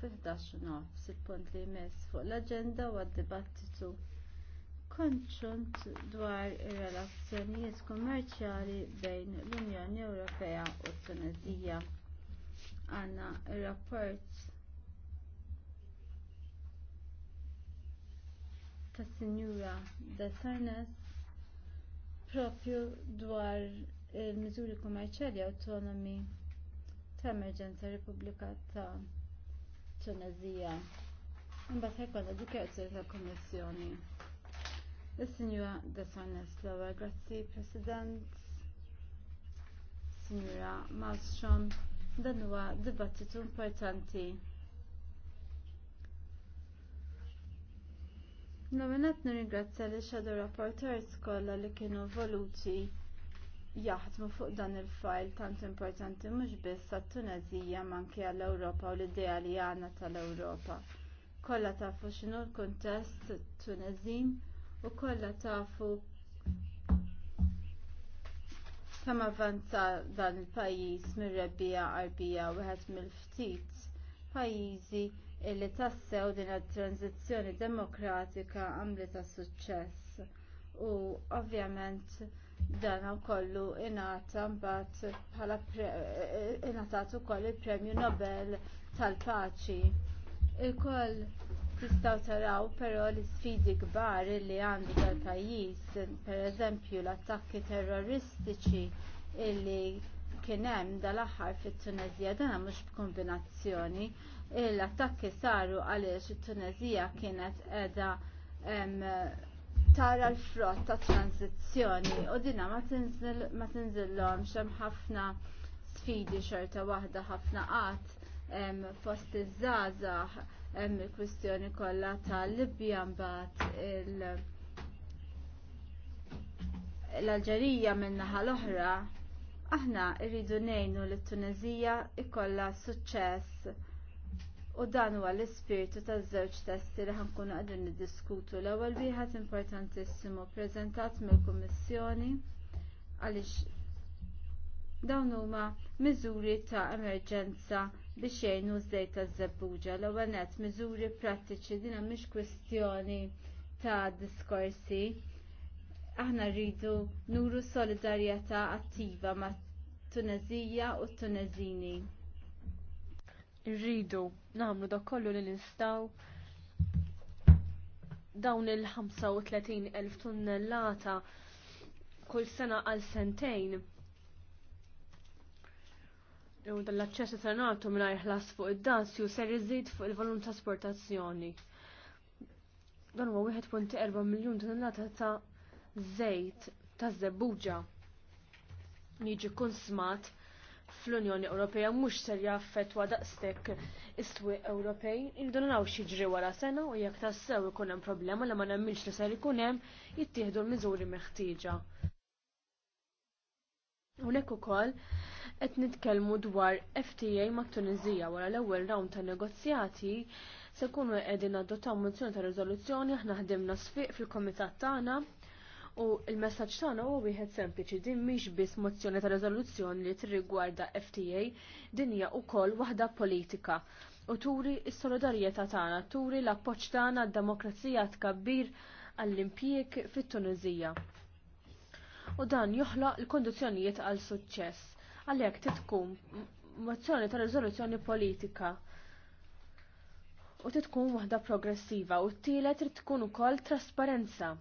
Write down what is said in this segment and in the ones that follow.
fil nofs il-punt li jmiss fuq l aġenda u għad-dibattitu konċunt dwar ir-relazzjonijiet kummerċjali bejn l-Unjoni Ewropea u t-Tunezija. Għanna rapport ta' Sinjura de Sarnes propju dwar il-miżuri kummerċjali autonomi ta' emerġenza Repubblika ta' Tunezija. Imbagħad ħekkolla dikjazzjoni tal-Kummissjoni. Is-Sinjura Desanes l grazzi President. Sinjura Malmstrom, dan huwa dibattitu importanti. Nominat nirringrazzja li shadow rapporteurs kollha li kienu voluti jaħdmu fuq dan il file tant importanti mhux biss għat-Tunezija manki għall-Ewropa u l-idea li għandna tal-Ewropa. Kollha tafu x'inhu l-kuntest Tunezin u kollha tafu kemm avvanza dan il-pajjiż mir-rebbija qarbija wieħed mill-ftit pajjiżi li tassew din it-tranzizzjoni demokratika għamlet suċċess u ovvjament dan kollu ingħata mbagħad bħala eh, ingħatat ukoll il-Premju Nobel tal-Paċi. Il-koll tistgħu taraw però l-isfidi kbar li għandu dal-pajjiż, pereżempju l-attakki terroristiċi illi kien hemm dal-aħħar fit-Tunezija dan mhux b'kombinazzjoni. L-attakki saru għaliex it-Tunezija kienet qiegħda tara l-frott ta' tranzizzjoni u dinha ma tinżillhom hemm ħafna sfidi xorta waħda ħafna qatt fost iż-żgħażagħ hemm il-kwistjoni kollha ta' Libja mbagħad il- l-Alġerija min-naħa l-oħra aħna rridu ngħinu lit tunezija ikollha suċċess U dan huwa l-ispirtu taż-żewġ testi li ħankunu qegħdin niddiskutu. L-ewwel wieħed importantissimu ppreżentat mill-Kummissjoni għaliex dawn huma miżuri ta' emerġenza biex jgħinu żejt taż-żebbuġa. L-ewwel nett miżuri prattiċi din mhix kwistjoni ta' diskorsi. Aħna rridu nuru solidarjetà attiva mat Tunezija u t Tunezini Irridu nagħmlu dak kollu li nistgħu dawn il-35 elf tunnellata kull sena għal sentejn. U dall-aċċess it-tranatu mingħajr ħlas fuq id-dazzju ser iżid fuq il-volum ta' sportazzjoni. Dan huwa 1.4 miljun tunnellata ta' żejt ta' żebbuġa jiġi kun smat fl-Unjoni Ewropea mhux ser jaffettwa daqstek is swieq Ewropej, indunanaw xiġri wara sena u jekk tassew ikun hemm problema li ma nemmilx li ser ikun hemm jittieħdu l-miżuri meħtieġa. Hawnhekk ukoll qed nitkellmu dwar FTA ma' Tunizija wara l-ewwel round ta' negozjati se jkunu qegħdin adottaw mozzjoni ta' riżoluzzjoni aħna ħdimna sfiq fil-kumitat tagħna U il-messaġġ tagħna huwa wieħed sempliċi din mhix biss mozzjoni ta' riżoluzzjoni li tirrigwarda FTA, din hija wkoll waħda politika. U turi s-solidarjetà tagħna, turi l-appoġġ tagħna d-demokrazija tkabbir għall-impjieg fit tunizija U dan joħloq il-kondizzjonijiet għal suċċess. Għalhekk titkun mozzjoni ta' riżoluzzjoni politika u titkun waħda progressiva u t-tielet trid tkun ukoll trasparenza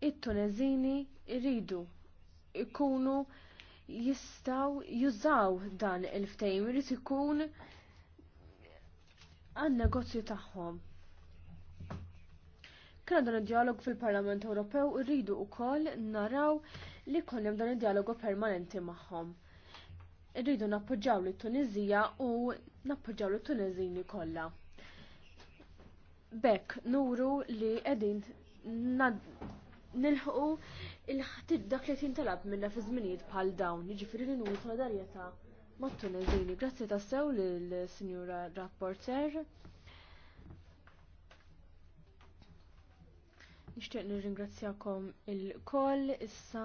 it-Tunezini rridu ikunu jistaw jużaw dan il-ftejm, irid ikun għan negozju tagħhom. Kena dan id-dialog fil-Parlament Ewropew irridu wkoll naraw li jkun hemm dan id-dialogu permanenti magħhom irridu nappoġġaw lit tunizija u nappoġġaw lit tunizini kollha. Bekk nuru li qegħdin nilħu il dak li tintalab minna fi żminijiet bħal dawn, jiġifieri li nuru solidarjetà mat-Tunezini. Grazzi tassew lill-Sinjura Rapporter. Nixtieq nirringrazzjakom il-koll issa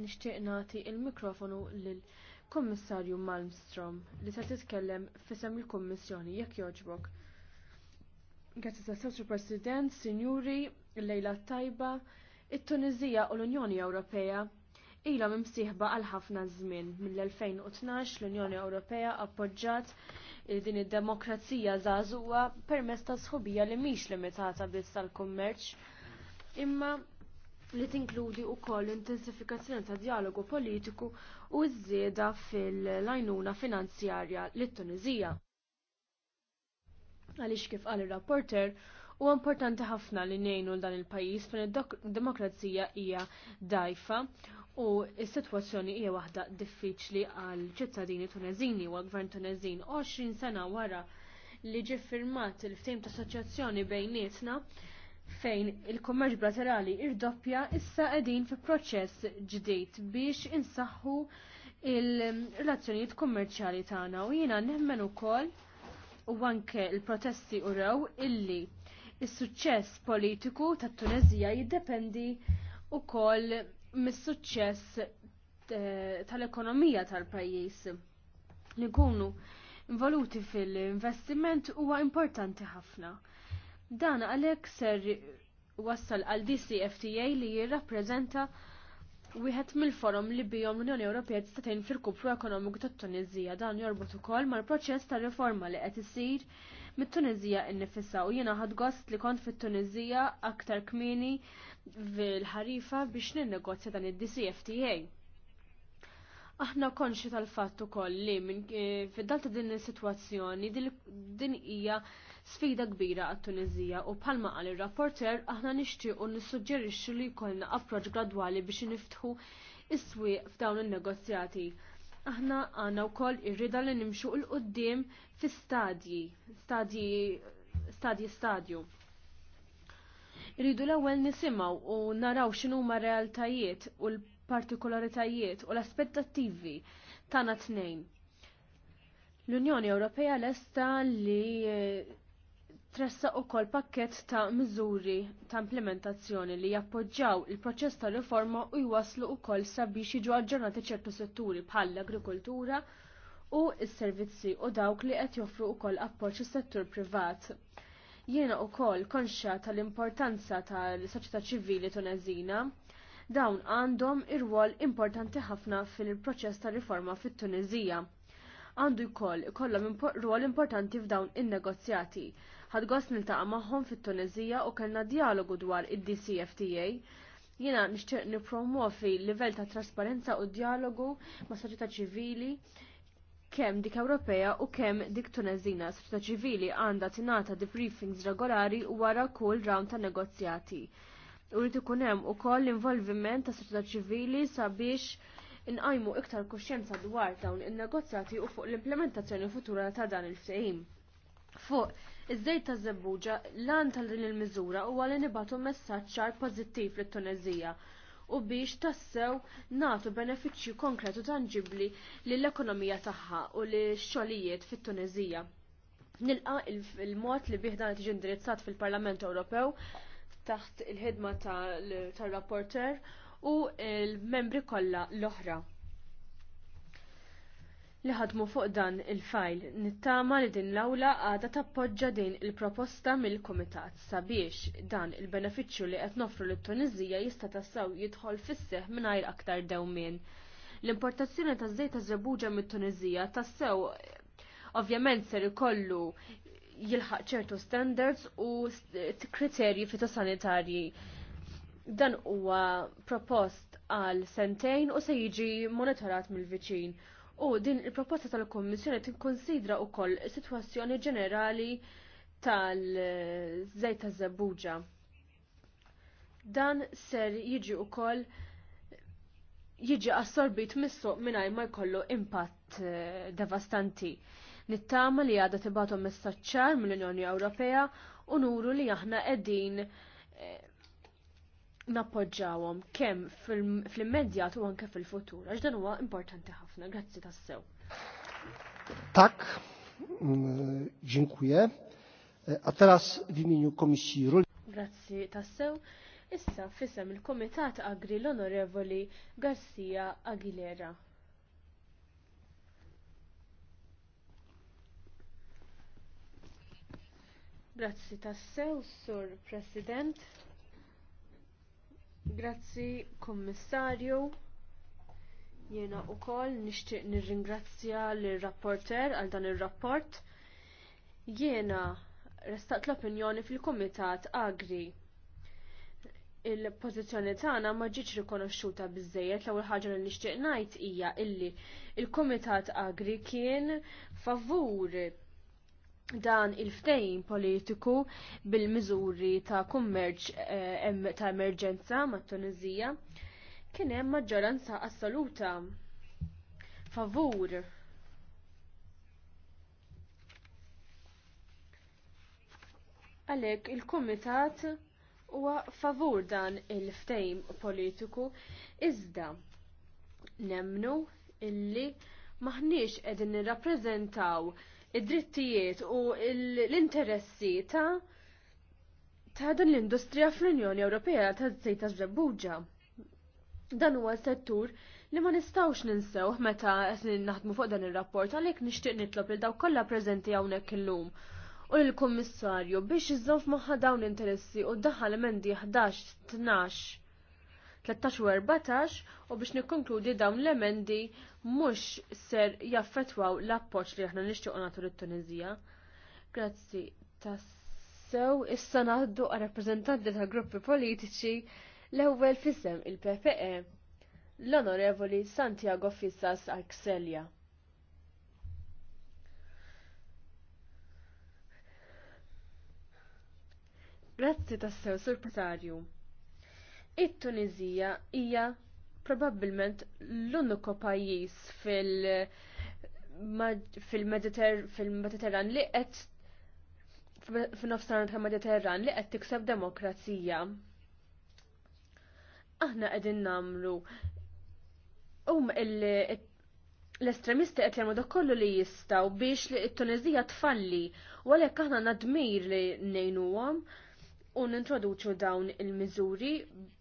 nixtieq nagħti l mikrofonu lil Kommissarju Malmstrom li se titkellem f'isem il-Kummissjoni jekk jogħġbok. Grazzi ta' Sur President, Sinjuri, Lejla Tajba, It-Tunizija u l-Unjoni Ewropea ilha msiħba għal ħafna żmien. Mill-2012 l-Unjoni Ewropea appoġġat eh, din id-demokrazija żagħżugħa permezz ta' sħubija li mhix limitata biss tal-kummerċ imma li tinkludi wkoll l intensifikazzjoni ta' dialogu politiku u żieda fil-lajnuna finanzjarja lit tunizija Għaliex kif qal ir rapporter U importanti ħafna li nejnu l-dan il-pajis fejn id-demokrazija hija dajfa u s-sitwazzjoni hija waħda diffiċli għal ċittadini Tunezini u għal-gvern Tunezin 20 sena wara li ġie firmat il ftim ta' assoċjazzjoni bejnietna fejn il-kummerġ bilaterali irdoppja issa qegħdin fi proċess ġdid biex insaħħu il-relazzjonijiet kummerċjali tagħna u jiena nemmen ukoll u anke l-protesti urew illi Is-suċċess politiku tat Tunezija jiddependi wkoll mis-suċċess eh, tal-ekonomija tal-pajjiż. Li nkunu involuti fil-investiment huwa importanti ħafna. Dan għalhekk ser wassal għal DCFTA li jirrappreżenta Wieħed mill-forum li bihom l-Unjoni Ewropea tistatejn fil-kupru ekonomiku tat-Tunizija dan jorbut ukoll mal-proċess ta' riforma li qed isir mit-Tunizija innifissa u jiena ħad gost li kont fit-Tunizija aktar kmini fil-ħarifa biex ninnegozja dan id-DCFTA. Aħna konxi tal-fatt ukoll li eh, fid dalta ta' din is-sitwazzjoni din hija sfida kbira għat tunizija u bħalma għal ir-rapporter aħna nixtiequ nissuġġerixxu li jkollna approċ gradwali biex niftħu is-swieq f'dawn in-negozjati. Aħna għandna wkoll irrida li nimxu l qudiem fi stadji, stadji stadji stadju. Irridu l-ewwel nisimgħu u naraw x'inhuma realtajiet u l-partikolaritajiet u l-aspettattivi tagħna tnejn l-Unjoni Ewropea lesta li Tressa u kol pakket ta' miżuri ta' implementazzjoni li jappoġġaw il-proċess ta' riforma u jwaslu u kol sabiex jiġu aġġornati ċertu setturi bħal l-agrikoltura u s-servizzi u dawk li qed joffru wkoll appoġġ is-settur privat. Jiena wkoll konxja tal-importanza tal-soċjetà ċivili Tunezina dawn għandhom ir-rwol importanti ħafna fil-proċess ta' riforma fit tunezija Għandu jkoll ikollhom rwol importanti f'dawn in-negozjati ħadgost niltaqa' magħhom fit-Tunezija u kellna dialogu dwar id-DCFTA. Jiena nixtieq nippromovi livell ta' trasparenza u dialogu ma' soċjetà ċivili kemm dik Ewropea u kemm dik Tunezina. Soċjetà ċivili għandha tingħata debriefings regolari wara kull round ta' negozjati. Urid ikun hemm ukoll l-involviment ta' soċjetà ċivili sabiex inqajmu iktar kuxjenza dwar dawn in-negozjati u fuq l-implementazzjoni futura ta' dan il-ftehim. Fuq, iż-żejt ta' żebbuġa lan tal din il-miżura huwa li nibatu messaġġ ċar pożittiv lit tunezija u biex tassew natu benefiċċju konkretu tanġibli lill-ekonomija tagħha u li xogħlijiet fit-Tunezija. Nilqa il-mod li bih dan tiġi indirizzat fil-Parlament Ewropew taħt il-ħidma tal-rapporter u l membri kollha l-oħra li ħadmu fuq dan il-fajl nittama li din l-awla għada tappoġġa din il-proposta mill-Kumitat sabiex dan il-benefiċċju li qed nofru lit tunizija jista' tassaw jidħol fis-seħ mingħajr aktar dewmien. L-importazzjoni ta' żejt ta' żebuġa mit-Tunizija tassew ovvjament ser ikollu jilħaq ċertu standards u kriterji fitosanitarji dan huwa propost għal sentejn u se jiġi monitorat mill-viċin U din il-proposta tal-Kommissjoni tinkonsidra wkoll sitwazzjoni ġenerali tal-żejt ta' żebbuġa Dan ser jiġi wkoll jiġi assorbit mis-suq mingħajr ma jkollu impatt eh, devastanti. Nittama li għadha tibatu messaċċar mill-Unjoni Ewropea u nuru li aħna qegħdin eh, nappoġġawhom kemm fl-immedjat u anke fil-futur għax dan huwa importanti ħafna. Grazzi tassew. Tak, dziękuję. A teraz w imieniu Komisji Grazzi tassew. Issa fisem il-Komitat Agri l-Onorevoli Garcia Aguilera. Grazzi tassew, Sur President. Grazzi, kommissarju. Jena u koll nishtiq nirringrazzja l-rapporter għal dan il-rapport. Jena restat l-opinjoni fil-Komitat Agri. Il-pozizjoni tagħna ma ġietx rikonoxxuta biżejjed l-ewwel ħaġa li nixtieq ngħid hija illi il-Komitat Agri kien favur dan il-ftejn politiku bil-miżuri ta' kummerċ eh, ta' emerġenza mat Tunizija kien hemm maġġoranza assoluta favur għalhekk il-kumitat huwa favur dan il-ftejm politiku iżda nemnu illi maħniex qegħdin nirrappreżentaw id-drittijiet u l-interessi ta' ta' dan l-industrija fl-Unjoni Ewropea ta' zejta ta' Dan huwa settur li ma nistawx ninsew meta qed naħdmu fuq dan ir-rapport għalhekk nixtieq nitlob il dawk kollha preżenti hawnhekk illum u l-Kummissarju biex iżżomm f'moħħa dawn l-interessi u daħal emendi 11, 12, 13 u 14 u biex nikkonkludi dawn l-emendi mhux ser jaffetwaw l-appoġġ li aħna nixtiequ nagħtu lit tunizija Grazzi tassew issa naħdu għal rappreżentanti tal gruppi politiċi l-ewwel fissem il-PPE l-Onorevoli Santiago Fissas Axelja. Grazzi tassew, Sur Petarju it-Tunizija hija probabbilment l-uniku pajjiż fil-Mediterran li qed f'nofsran tal-Mediterran li qed tikseb demokrazija. Aħna qegħdin namlu um l-estremisti qed jagħmlu kollu li jistgħu biex it-Tunizija tfalli u għalhekk aħna nadmir li ngħinuhom u nintroduċu dawn il-miżuri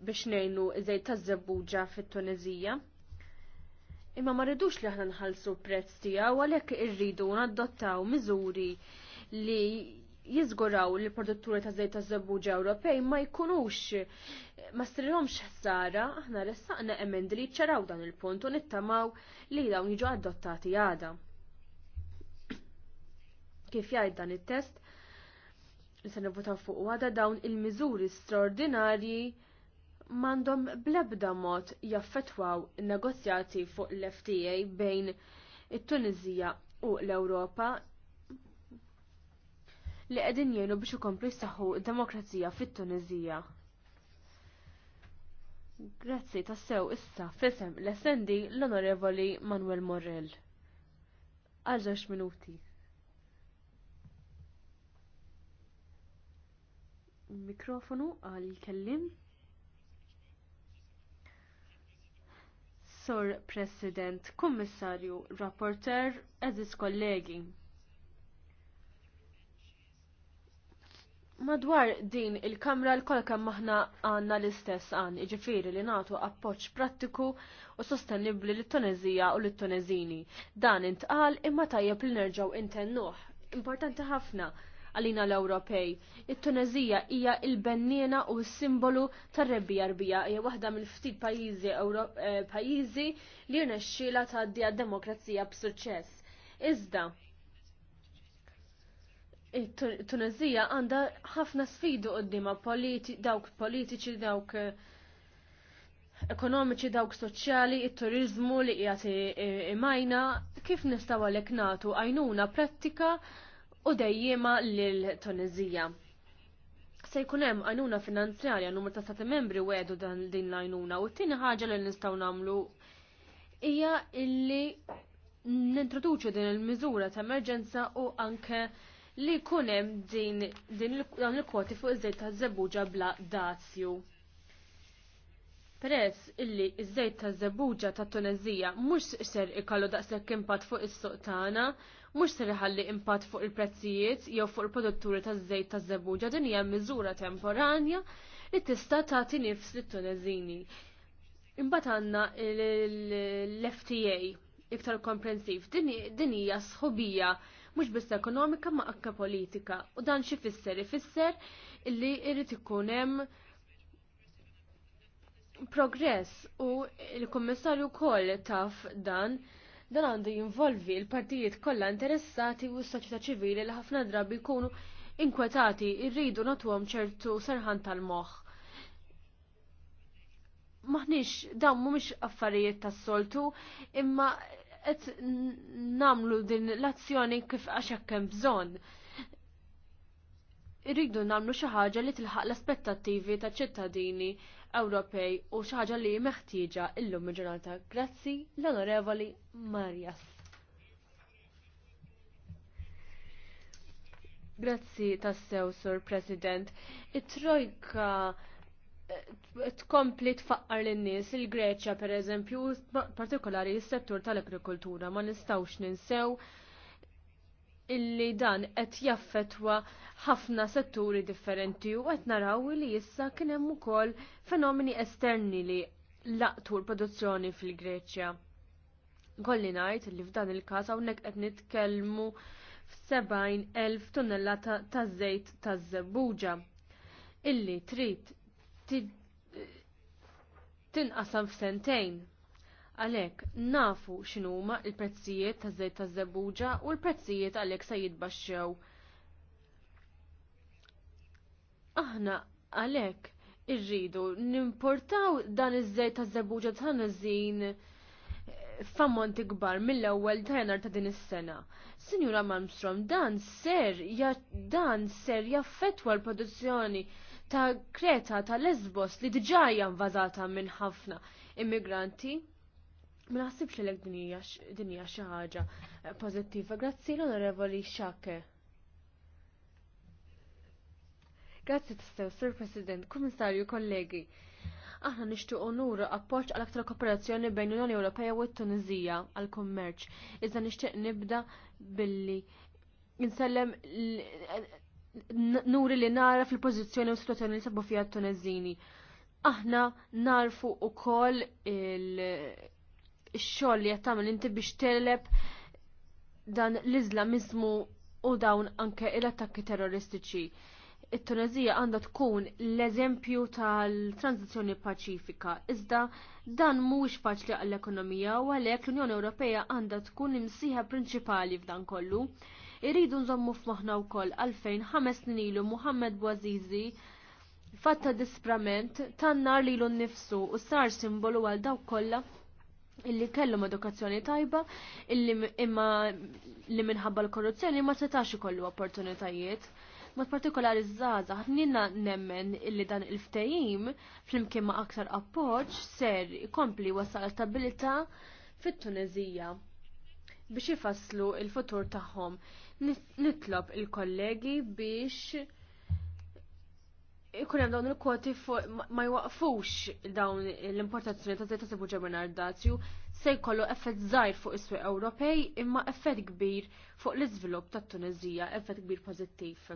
biex nejnu iżej tazzabuġa fit-Tunezija. Imma ma rridux li aħna nħallsu prezz tiegħu għalhekk irridu nadottaw miżuri li jiżguraw li produtturi ta' żejt taż-żebbuġa Ewropej ma jkunux ma strilhomx ħsara, aħna ressaqna emendi li ċaraw dan il-punt u nittamaw li dawn jiġu adottati għada. Kif jgħid dan it-test, li se nivvotaw fuq għada dawn il-miżuri straordinarji mandom blabda mod jaffetwaw negozjati fuq l-FTA bejn it-Tunizija u l-Ewropa li qegħdin jgħinu biex ikomplu jsaħħu demokrazija fit-Tunizija. Grazzi tassew issa fisem l-essendi l-Onorevoli Manuel Morrell. Għal minuti. mikrofonu għal kellim. Sor President, Kommissarju, Rapporter, Aziz Kollegi. Madwar din il-Kamra l-kol kemm aħna għandna l-istess għan, iġifiri li nagħtu appoġġ prattiku u sostenibbli lit-Tunezija u lit-Tunezini. Dan intqal imma tajjeb li nerġgħu intennuh. Importanti ħafna għalina l-Ewropej. It-Tunezija hija il-bennina u s-simbolu tar-rebbija rbija, hija waħda mill-ftit pajjiżi eh, pajjiżi li rnexxiela tgħaddi għad-demokrazija b'suċċess. Iżda, it-Tunezija għandha ħafna sfidu qoddima dawk politiċi, dawk eh, ekonomiċi dawk soċjali, it-turizmu li qiegħed imajna, kif nistgħu għalhekk nagħtu għajnuna prattika u dejjima lil Tunizija. Se jkun hemm għajnuna finanzjarja numru ta' stati membri wedu dan din l-għajnuna u t-tieni ħaġa li nistgħu nagħmlu hija illi nintroduċu din il-miżura ta' emerġenza u anke li jkun din, din dan il-kwoti fuq iż-żejt ta' żebuġa bla dazju. Peress illi iż-żejt ta' żebuġa ta' Tunezija mhux ser ikollu daqshekk impatt fuq is-suq tagħna mhux se ħalli impatt fuq il-prezzijiet jew fuq il-produtturi taż-żejt taż-żebuġa din hija miżura temporanja li tista' tagħti nifs lit tunezini Imbagħad għandna l-FTA iktar komprensiv din hija sħubija mhux biss ekonomika ma' anke politika u dan xi fisser ifisser illi jrid ikun hemm progress u l-Kummissarju wkoll taf dan Dan għandu jinvolvi l-partijiet kollha interessati u s-soċjetà ċivili li ħafna drabi jkunu inkwetati irridu natuhom ċertu serħan tal-moħħ. Maħniex dawn mhumiex affarijiet tas-soltu, imma qed namlu din l-azzjoni kif għax hekk hemm bżonn. Irridu namlu xi ħaġa li tilħaq l-aspettattivi taċ-ċittadini Ewropej u xi ħaġa li meħtieġa illum il-ġurnata. Grazzi l-Onorevoli Marjas. Grazzi tassew, Sur President. It-trojka eh, tkompli tfaqqar lin-nies il-Greċja pereżempju, partikolari s-settur tal-agrikoltura ma nistawx ninsew illi dan qed jaffetwa ħafna setturi differenti u qed naraw li issa kien hemm ukoll fenomeni esterni li laqtu l-produzzjoni fil-Greċja. Kolli ngħid li f'dan il-każ hawnhekk qed nitkellmu elf tunnella ta' żejt ta' żebbuġa illi trid tinqasam f'sentejn. Għalek, nafu x'inhuma il-prezzijiet ta' żejt ta' żebbuġa u l-prezzijiet għalek se jitbaxxew. Aħna għalek irridu nimportaw dan iż-żejt ta' żebbuġa ta' nażin f'ammonti kbar mill-ewwel ta' jannar ta' din is-sena. Sinjura Malmstrom, dan ser ja, dan ser jaffettwa l-produzzjoni ta' Kreta ta' Lesbos li diġà hija invażata minn ħafna immigranti. Ma naħsibx li din hija xi ħaġa eh, pożittiva. Grazzi l-Onorevoli Xake. Grazzi tistew, Sir President, Kummissarju, kollegi. Aħna nixtiequ onur appoġġ għal aktar kooperazzjoni bejn l-Unjoni Ewropea u t-Tunizija għal kummerċ. Iżda nixtieq nibda billi insellem nuri li nara fil-pożizzjoni u situazzjoni li sabu fija t-Tunizini. Aħna narfu ukoll il- xoll xogħol li jattamil tagħmel inti biex teleb dan l izlamizmu u dawn anke l-attakki terroristiċi. It-Tunezija għandha tkun l-eżempju tal-tranzizzjoni paċifika, iżda dan mhuwiex faċli għall-ekonomija u għalhekk l-Unjoni Ewropea għandha tkun imsiħa prinċipali f'dan kollu. Iridu nżommu f'moħħna wkoll għalfejn ħames snin ilu Muhammed Bouazizi fatta disprament tan-nar lilu nnifsu u sar simbolu għal dawk kollha illi kellhom edukazzjoni tajba, illi imma li minħabba l-korruzzjoni ma setax ikollu opportunitajiet. Ma partikolari żaza, ħnina nemmen illi dan il ftehim flimkien ma' aktar appoġġ ser ikompli wasal stabilità fit-Tunezija biex ifasslu il-futur tagħhom. Nitlob il-kollegi biex ikun hemm dawn il-kwoti ma jwaqfux dawn l-importazzjoni ta' zejt ta' sibu ġeminar dazju se jkollu effett żgħir fuq is-swieq Ewropej imma effett kbir fuq l-iżvilupp tat-Tuniżija, effett kbir pożittiv.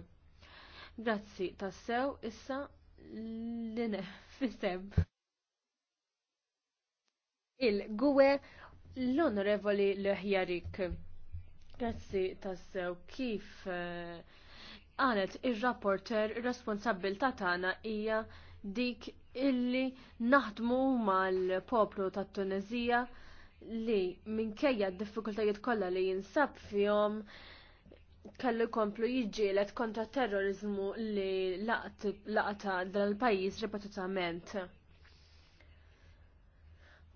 Grazzi tassew issa l-ne fisem. Il-gwe l-onorevoli l-ħjarik. Grazzi tassew kif uh, għalet il-rapporter responsabilta tagħna hija dik illi naħdmu mal-poplu tat tunezija li minkejja d-diffikultajiet kollha li jinsab fihom kellu jkomplu jiġġielet kontra terrorizmu li laqta dal-pajjiż ripetutament.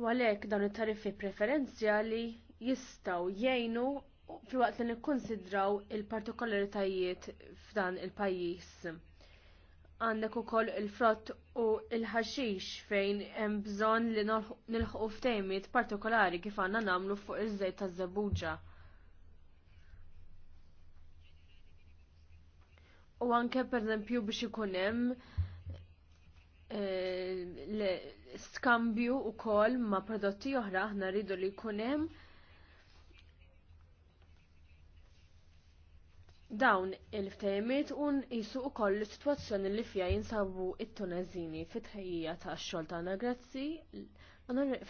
Walek dawn it-tariffi preferenzjali jistgħu jgħinu filwaqt li nikkonsidraw il-partikolaritajiet f'dan il-pajjiż. Għandek ukoll il-frott u il-ħaxix fejn hemm bżonn li nilħqu f'tejmiet partikolari kif għandna nagħmlu fuq iż-żejt taż-żebuġa. U anke pereżempju biex ikun hemm eh, skambju ukoll ma prodotti oħra aħna rridu li jkun hemm dawn il-ftejmiet un jisu u koll situazzjoni li fija jinsabu it-tunezini fit-ħejja ta' xogħol ta' grazzi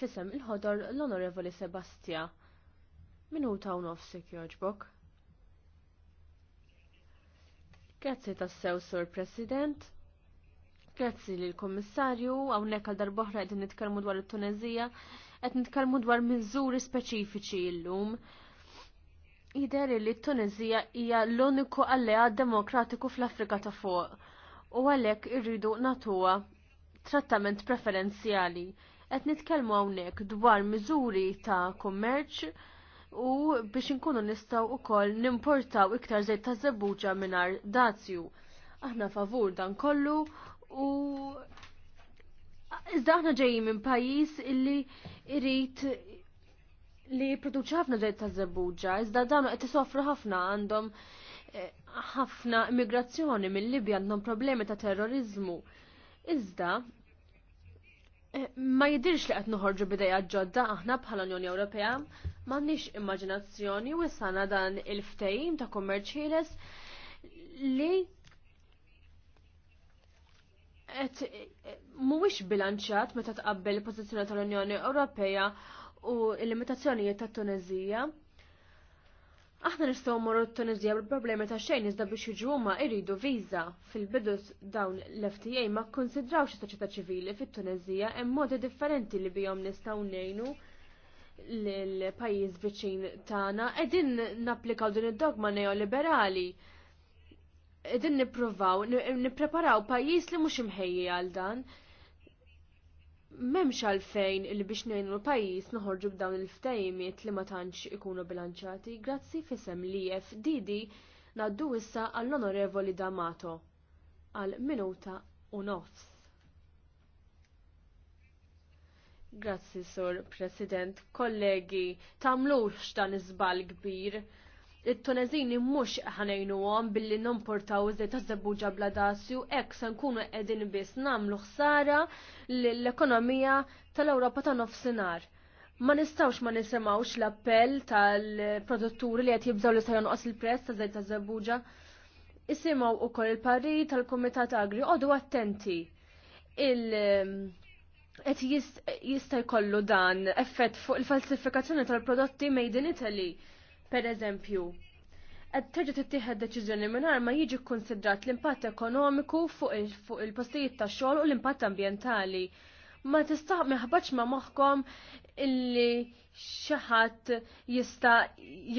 fisem il-ħodor l-onorevoli Sebastia. Minuta u nofsik joġbok. Grazzi ta' sew sur President. Grazzi li l-Kommissarju, għawnek għal darboħra għedin nitkalmu dwar it tunezija għed nitkalmu dwar minżuri speċifiċi il-lum. llum. lum Jider li t-Tunizija hija l-uniku alleat demokratiku fl-Afrika ta' fuq u għalhekk irridu natuha trattament preferenzjali. Qed nitkellmu hawnhekk dwar miżuri ta' kummerċ u biex inkunu nistgħu wkoll nimportaw iktar żejt ta' żebbuġa mingħajr dazju. Aħna favur dan kollu u iżda aħna ġejjin minn pajjiż illi irid li jipproduċi ħafna żejt ta' żebbuġa, iżda dan qed isofru ħafna għandhom eh, ħafna immigrazzjoni mill-Libja għandhom problemi ta' terrorizmu. Iżda eh, ma jidirx li qed noħorġu bidejja ġodda aħna bħala Unjoni Ewropea m'għandniex immaġinazzjoni u sana dan il-ftehim ta' kummerċ ħieles li qed eh, mhuwiex bilanċjat meta tqabbel il-pożizzjoni tal-Unjoni Ewropea u l-limitazzjonijiet ta' Tunezija. Aħna nistgħu mmorru t-Tunezija bil-problemi ta' xejn iżda biex jiġu huma jridu viża fil-bidu dawn l-FTA ma kkonsidrawx is-soċjetà ċivili fit-Tunezija hemm modi differenti li bihom nistgħu ngħinu l-pajjiż viċin tagħna qegħdin napplikaw din id-dogma neoliberali. Qegħdin nippruvaw nippreparaw pajjiż li mhux imħejji għal dan memx għalfejn li biex nejnu l-pajis noħorġu b'dawn il-ftajmiet li ma tantx ikunu bilanċati grazzi fisem li FDD naddu issa għall-onorevoli Damato għal minuta u nofs. Grazzi, Sur President, kollegi, tamlux dan iżbal kbir it-Tunezini mhux ħanejnuhom billi non-portaw taż-żebbuġa bla dasju hekk se nkunu qegħdin biss nagħmlu ħsara l-ekonomija tal-Ewropa ta' nofsinhar. Ma nistawx ma nisemawx l-appell tal-produtturi li qed jibżgħu li se jonqos il-prezz ta' żejt taż Isimaw Isimgħu wkoll il-parri tal-Kumitat Agri għodu attenti. Il- Et jista' jkollu dan effett fuq il-falsifikazzjoni tal-prodotti made in Italy Per eżempju, qed terġa' tittieħed deċiżjoni mingħajr ma jiġi kkunsidrat l-impatt ekonomiku fuq il-postijiet tax-xogħol u l-impatt ambjentali. Ma tista' meħbaġġ ma' moħħkom illi xi ħadd jista'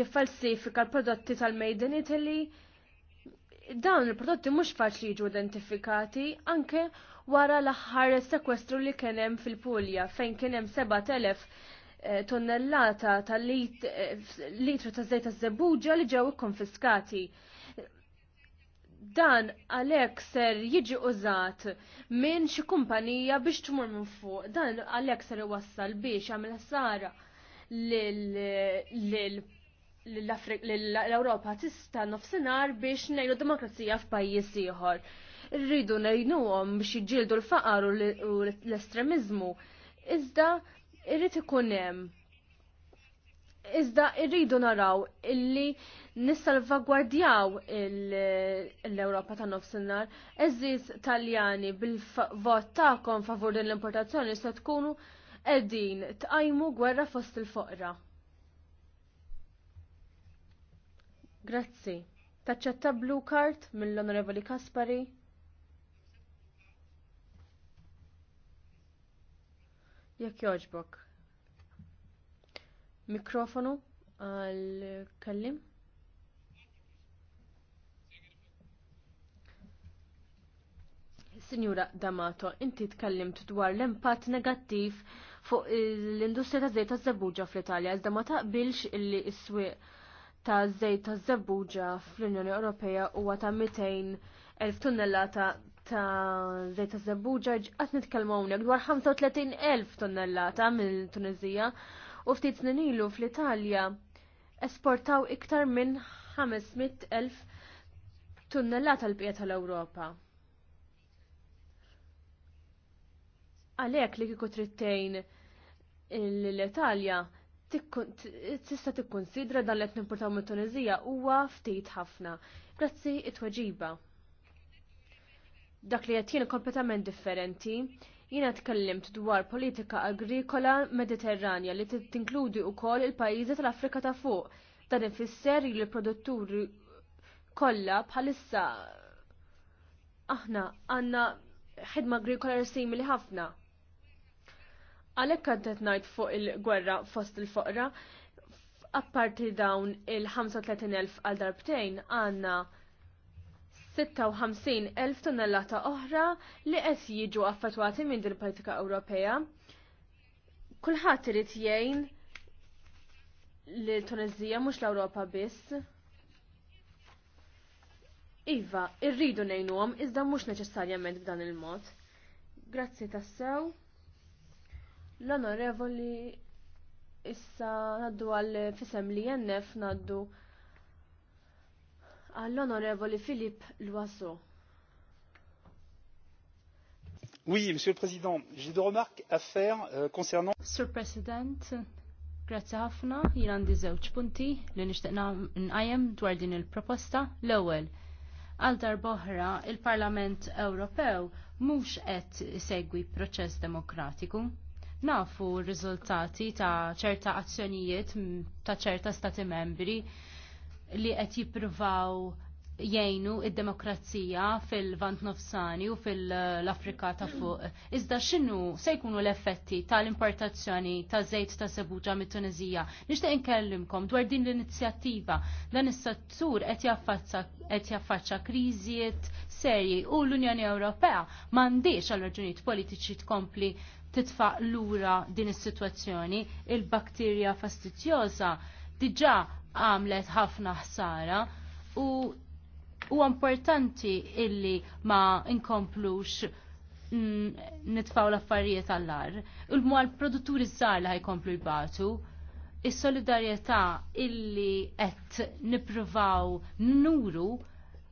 jiffalsifika l-prodotti tal-Made in Italy. Dawn il-prodotti mhux faċli jiġu identifikati anke wara l-aħħar sekwestru li kien hemm fil-Pulja fejn kien hemm 7000 Eh, tonnellata ta' eh, litru ta' zejta ta' zebuġa li ġew konfiskati. Dan għalek ser jiġi użat minn xi kumpanija biex tmur minn fuq. Dan għalek ser iwassal biex jagħmel ħsara l-Europa tista' nofsinhar biex ngħidu demokrazija f'pajjiż ieħor. Rridu ngħinuhom biex jiġġieldu l-faqar u l-estremizmu. Iżda irrid ikun hemm. Iżda irridu naraw illi nissalvagwardjaw l-Ewropa ta' nofsinhar, eżiz Taljani bil-vot tagħkom favur din l-importazzjoni se tkunu qegħdin tqajmu gwerra fost il-foqra. Grazzi. Taċċetta blue card mill-Onorevoli Kaspari. Jekk jogħġbok. Mikrofonu għal-kellim. Sinjura Damato, inti tkellimt dwar l-impatt negattiv fuq l-industrija ta' zejta taż fl-Italja, iżda ma taqbilx illi s-swieq ta' zejta taż fl-Unjoni Ewropea huwa ta' 200 tonnellata tunnellata ta' zejt ta' zabuġa għat nitkellmu hawnhekk dwar 35,000 tonnellata minn Tunizija u ftit snin ilu fl-Italja esportaw iktar minn 500,000 tunnellata l bija tal-Ewropa. Għalhekk li kieku trittejn l-Italja tista' tikkunsidra dan li qed nimportaw minn tunizija huwa ftit ħafna. Grazzi it-tweġiba dak li qed kompletament differenti. Jiena tkellimt dwar politika agrikola mediterranja li tinkludi wkoll il-pajjiżi tal-Afrika ta' fuq. Dan ifisser li l-produtturi kollha bħalissa aħna għandna ħidma agrikola simili ħafna. Għalhekk qed ngħid fuq il-gwerra fost il-foqra, apparti dawn il-35,000 għal darbtejn għandna 56,000 tonnellata oħra li qed jiġu affettwati minn din il-politika Ewropea. Kulħadd irid jgħin li Tunizija mhux l-Ewropa biss. Iva, irridu ngħinuhom iżda mhux neċessarjament b'dan il-mod. Grazzi tassew. L-onorevoli issa naddu għal fisem li jennef naddu għall-Onorevoli Loiseau. Oui, Monsieur le Président, j'ai deux remarques à faire euh, concernant. Monsieur le Président, grazie ħafna, jien għandi żewġ punti li nixtieq nqajjem dwar din il-proposta. L-ewwel, għal darboħra il-Parlament Ewropew mhux qed isegwi proċess demokratiku. Nafu r-riżultati ta' ċerta azzjonijiet ta' ċerta stati membri li qed jippruvaw jgħinu id-demokrazija fil-Vant Nofsani u fil-Afrika ta' fuq. Iżda x'inhu se jkunu l-effetti tal-importazzjoni ta' żejt ta' sebuġa mit-Tunizija. Nixtieq inkellimkom dwar din l-inizjattiva dan is-settur qed jaffaċċa kriżijiet serji u l-Unjoni Ewropea m'għandix għal raġunijiet politiċi tkompli titfaq lura din is-sitwazzjoni il-bakterja fastidjosa diġà għamlet ħafna ħsara u u importanti illi ma inkomplux mm, nitfaw l-affarijiet għall-ar. Il-mu għal-produtturi zzar li ħajkomplu jbatu, is solidarieta illi qed nippruvaw nuru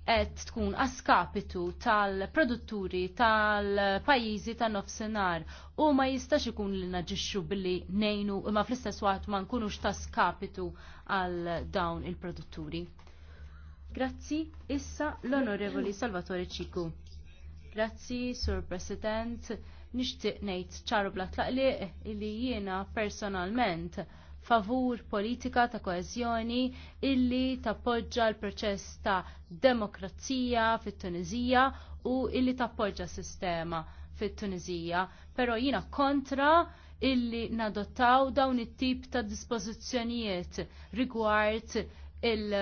qed tkun askapitu tal-produtturi tal-pajjiżi tan-nofsinhar u ma jistax ikun li naġixxu billi nejnu imma fl-istess waqt ma nkunux ta' skapitu għal dawn il-produtturi. Grazzi, issa l-Onorevoli Salvatore Ciku. Grazzi, Sur President, nixtieq ngħid ċaru bla tlaqliq li jiena personalment favur politika ta' koezjoni illi tappoġġa l-proċess ta' demokrazija fit-Tunizija u illi tappoġġa sistema fit-Tunizija. Pero jina kontra illi nadottaw dawn it-tip ta' dispożizzjonijiet rigward il-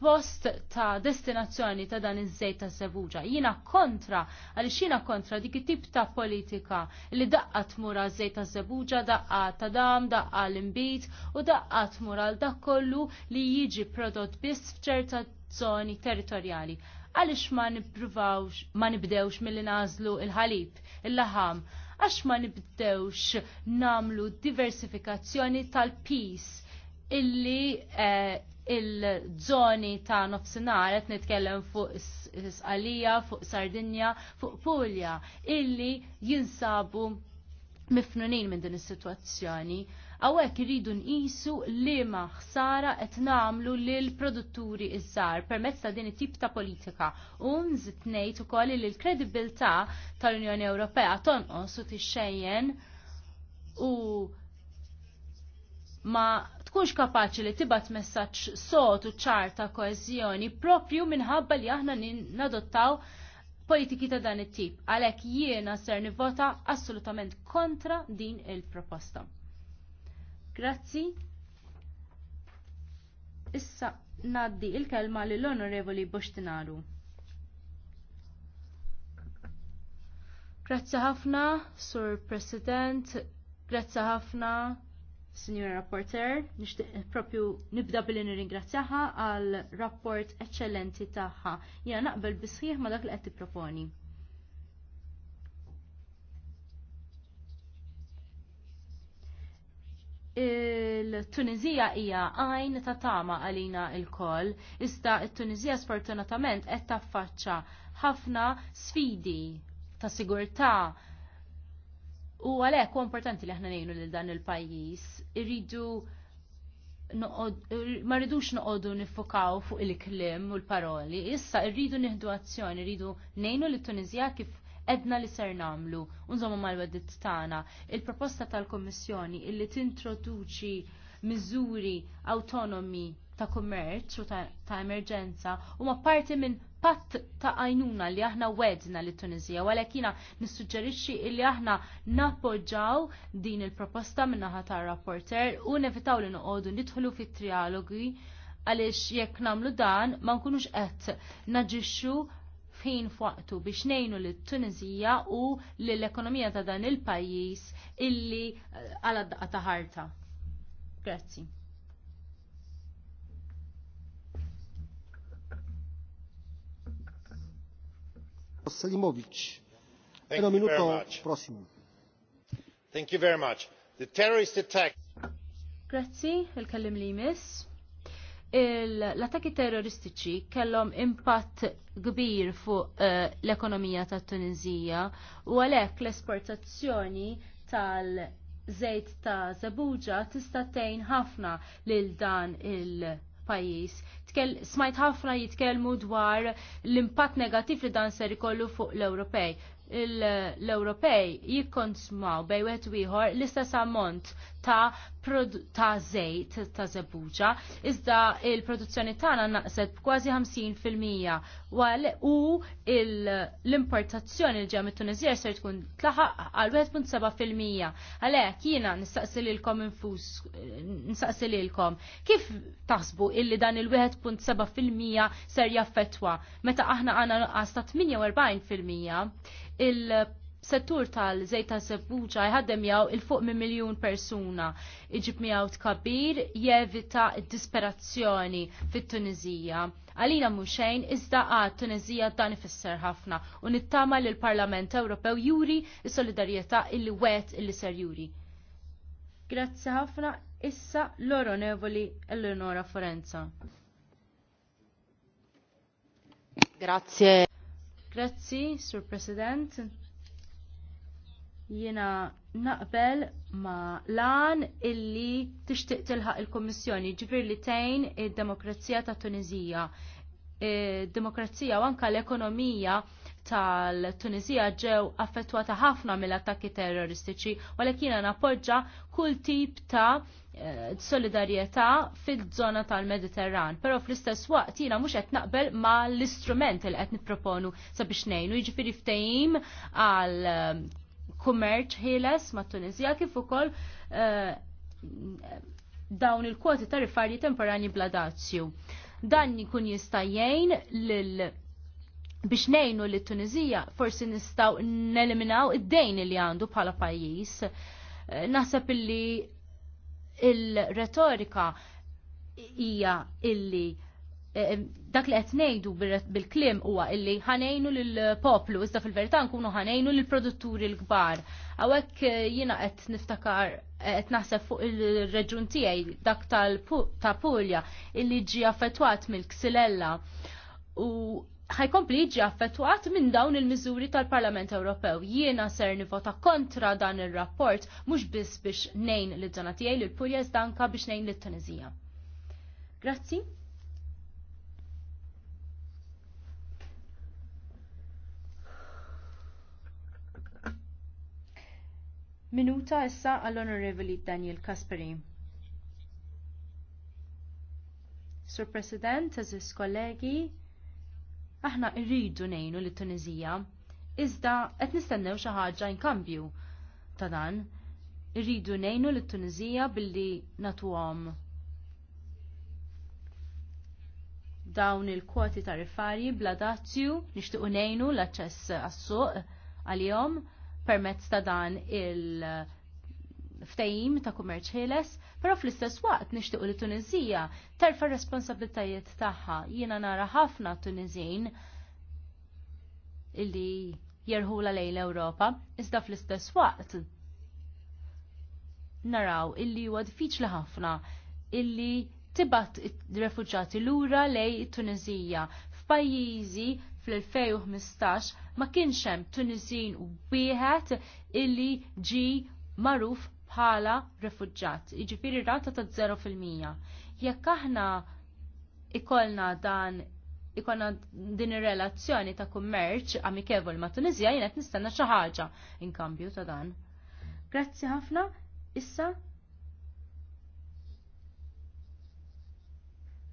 post ta' destinazzjoni ta' dan iż-żejt ta' Sevuġa. Jiena kontra, għaliex jiena kontra dik tip ta' politika li daqqat mura żejt ta' Sevuġa, daqqat ta' dam, daqqa l-imbit u daqqat mura l dak kollu li jiġi prodott biss f'ċerta zoni territorjali. Għaliex ma nippruvawx, ma nibdewx milli nażlu il-ħalib, il-laħam, għax ma nibdewx namlu diversifikazzjoni tal-pis illi eh, il-żoni ta' nofsinhar qed nitkellem fuq Isqalija, fuq Sardinja, fuq Pulja illi jinsabu mifnunin minn din is-sitwazzjoni. Għawek rridu nqisu li ma ħsara qed nagħmlu lil produtturi iż żar permezz ta' din it-tip ta' politika u nżid ngħid ukoll li l-kredibilità tal-Unjoni Ewropea tonqos u tixxejjen u ma tkunx kapaċi li tibat messaġġ sotu ċar ta' koeżjoni propju minħabba li aħna nadottaw politiki ta' dan it-tip. Għalhekk jiena ser nivvota assolutament kontra din il-proposta. Grazzi. Issa naddi il-kelma l onorevoli Boċtinaru. Grazzi ħafna, Sur President, grazzi ħafna Signora rapporteur nixtieq eh, propju nibda billi nirringrazzjaha għal rapport eċċellenti tagħha. Jiena naqbel bisħiħ ma dak li qed tipproponi. il-Tunizija hija għajn ta' tama għalina il-koll, iżda il-Tunizija sfortunatament qed taffaċċa ħafna sfidi ta' sigurtà U għalhekk huwa importanti li aħna ngħinu lil dan il-pajjiż irridu ma rridux noqogħdu nifokaw fuq il-klim u l-paroli, issa irridu nihdu azzjoni, irridu ngħinu lit tunizija kif edna li ser namlu, unżommu mal-weddit tagħna. Il-proposta tal komissjoni illi tintroduċi miżuri autonomi ta' kummerċ u ta' emerġenza huma parti minn pat ta' għajnuna li aħna wedna li Tunizija, u għalekina nissuġġerixxi li aħna nappoġġaw din il-proposta minnaħa ta' rapporter u nevitaw li noqogħdu nidħlu fit trialogi għaliex jekk namlu dan ma nkunux qed naġixxu fin fuqtu biex nejnu li Tunizija u li l-ekonomija ta' dan il-pajjiż illi għal daqqa ta' ħarta. Grazzi. Thank you very much. Prossimo. Thank you very much. The terrorist attack. Grazzi, il-kellim li jmiss. L-attakki terroristiċi kellhom impatt kbir fuq eh, l-ekonomija tat Tunizija u għalhekk l-esportazzjoni tal-żejt ta' Zabuġa tista' tgħin ħafna lil dan il- pajjiż. Smajt ħafna jitkellmu dwar l-impatt negativ li dan ser ikollu fuq l-Ewropej. L-Ewropej jikkonsmaw bej wieħed ieħor l-istess ammont ta' ta' zejt ta' zebuġa, iżda il-produzzjoni tagħna naqset kważi 50% u l-importazzjoni li ġew mit-Tunisija ser tkun tlaħaq għal 1.7%. Għalhekk jiena nistaqsi lilkom infus nistaqsi lilkom kif taħsbu illi dan il-1.7% ser jaffettwa meta aħna għandna nuqqas ta' 48% il- settur tal-żejt ta' sebbuġa jħaddem jaw il-fuq minn miljun persuna, iġib miegħu tkabbir jevita d-disperazzjoni fit-Tunizija. Għalina muxejn iżda għad Tunizija dan ifisser ħafna u nittama li l-Parlament Ewropew juri is-solidarjetà il wet illi ser juri. Grazzi ħafna issa l-oronevoli Eleonora Forenza. Grazie. Grazzi, Sur President. Jiena naqbel ma lan illi tixtieq tilħaq il-Kommissjoni ġifir li tejn id-demokrazija ta' Tunizija. Id-demokrazija u l-ekonomija tal-Tunizija ġew affettwata ħafna mill-attakki terroristiċi, għalhekk jiena napoġġa kull tip ta' eh, solidarjetà fil-żona tal-Mediterran. Però fl-istess waqt jiena mhux qed naqbel ma l-istrument li qed nipproponu sabiex ngħinu, jiġifieri ftehim għal kummerċ ħieles ma' Tunizija kif ukoll eh, dawn il-kwoti tariffarji temporani bla dazzju. Dan jkun jista' jgħin lil biex nejnu li Tunizija forsi nistaw neliminaw id-dejn li għandu bħala pajis. Eh, naħseb illi il-retorika hija illi Eh, eh, dak li qed ngħidu bil-kliem huwa illi ħanejnu lill-poplu iżda fil-verità nkunu ħanejnu lill-produtturi l-kbar. Hawnhekk eh, jiena qed niftakar qed naħseb fuq il-reġun tiegħi dak ta' Pulja illi ġi affettwat mill-ksilella u ħajkompli jiġi affettwat minn dawn il-miżuri tal-Parlament Ewropew. Jiena ser nivota kontra dan ir-rapport mhux biss biex ngħin lid-żona tiegħi lil Pulja iżda anke biex ngħin lit-Tunizija. Grazzi. Minuta issa għall-Onorevoli Daniel Kasperi. Sur President, eżis kollegi, aħna irridu nejnu li Tunizija, iżda qed nistennew xi ħaġa nkambju ta' dan. Irridu nejnu li Tunizija billi natuhom dawn il-kwoti tariffarji bla dazzju nixtiequ nejnu l-aċċess għas-suq għalihom permezz ta' dan il- ftejim ta' kummerċ ħieles, però fl-istess waqt nixtiequ li Tunizija terfa' responsabiltajiet tagħha. Jiena nara ħafna Tunizin illi jerħula lejn l-Ewropa, iżda fl-istess waqt naraw illi huwa diffiċli ħafna illi tibat refuġati lura lej Tunizija f'pajjiżi fl-2015 ma kienx hemm Tuniżin wieħed illi ġi magħruf bħala refuġġat, jiġifieri rata ta' 0%. Jekk aħna ikolna dan ikonna din ir-relazzjoni ta' kummerċ amikevol ma' Tunizija jenet nistenna xi ħaġa inkambju ta' dan. Grazzi ħafna, issa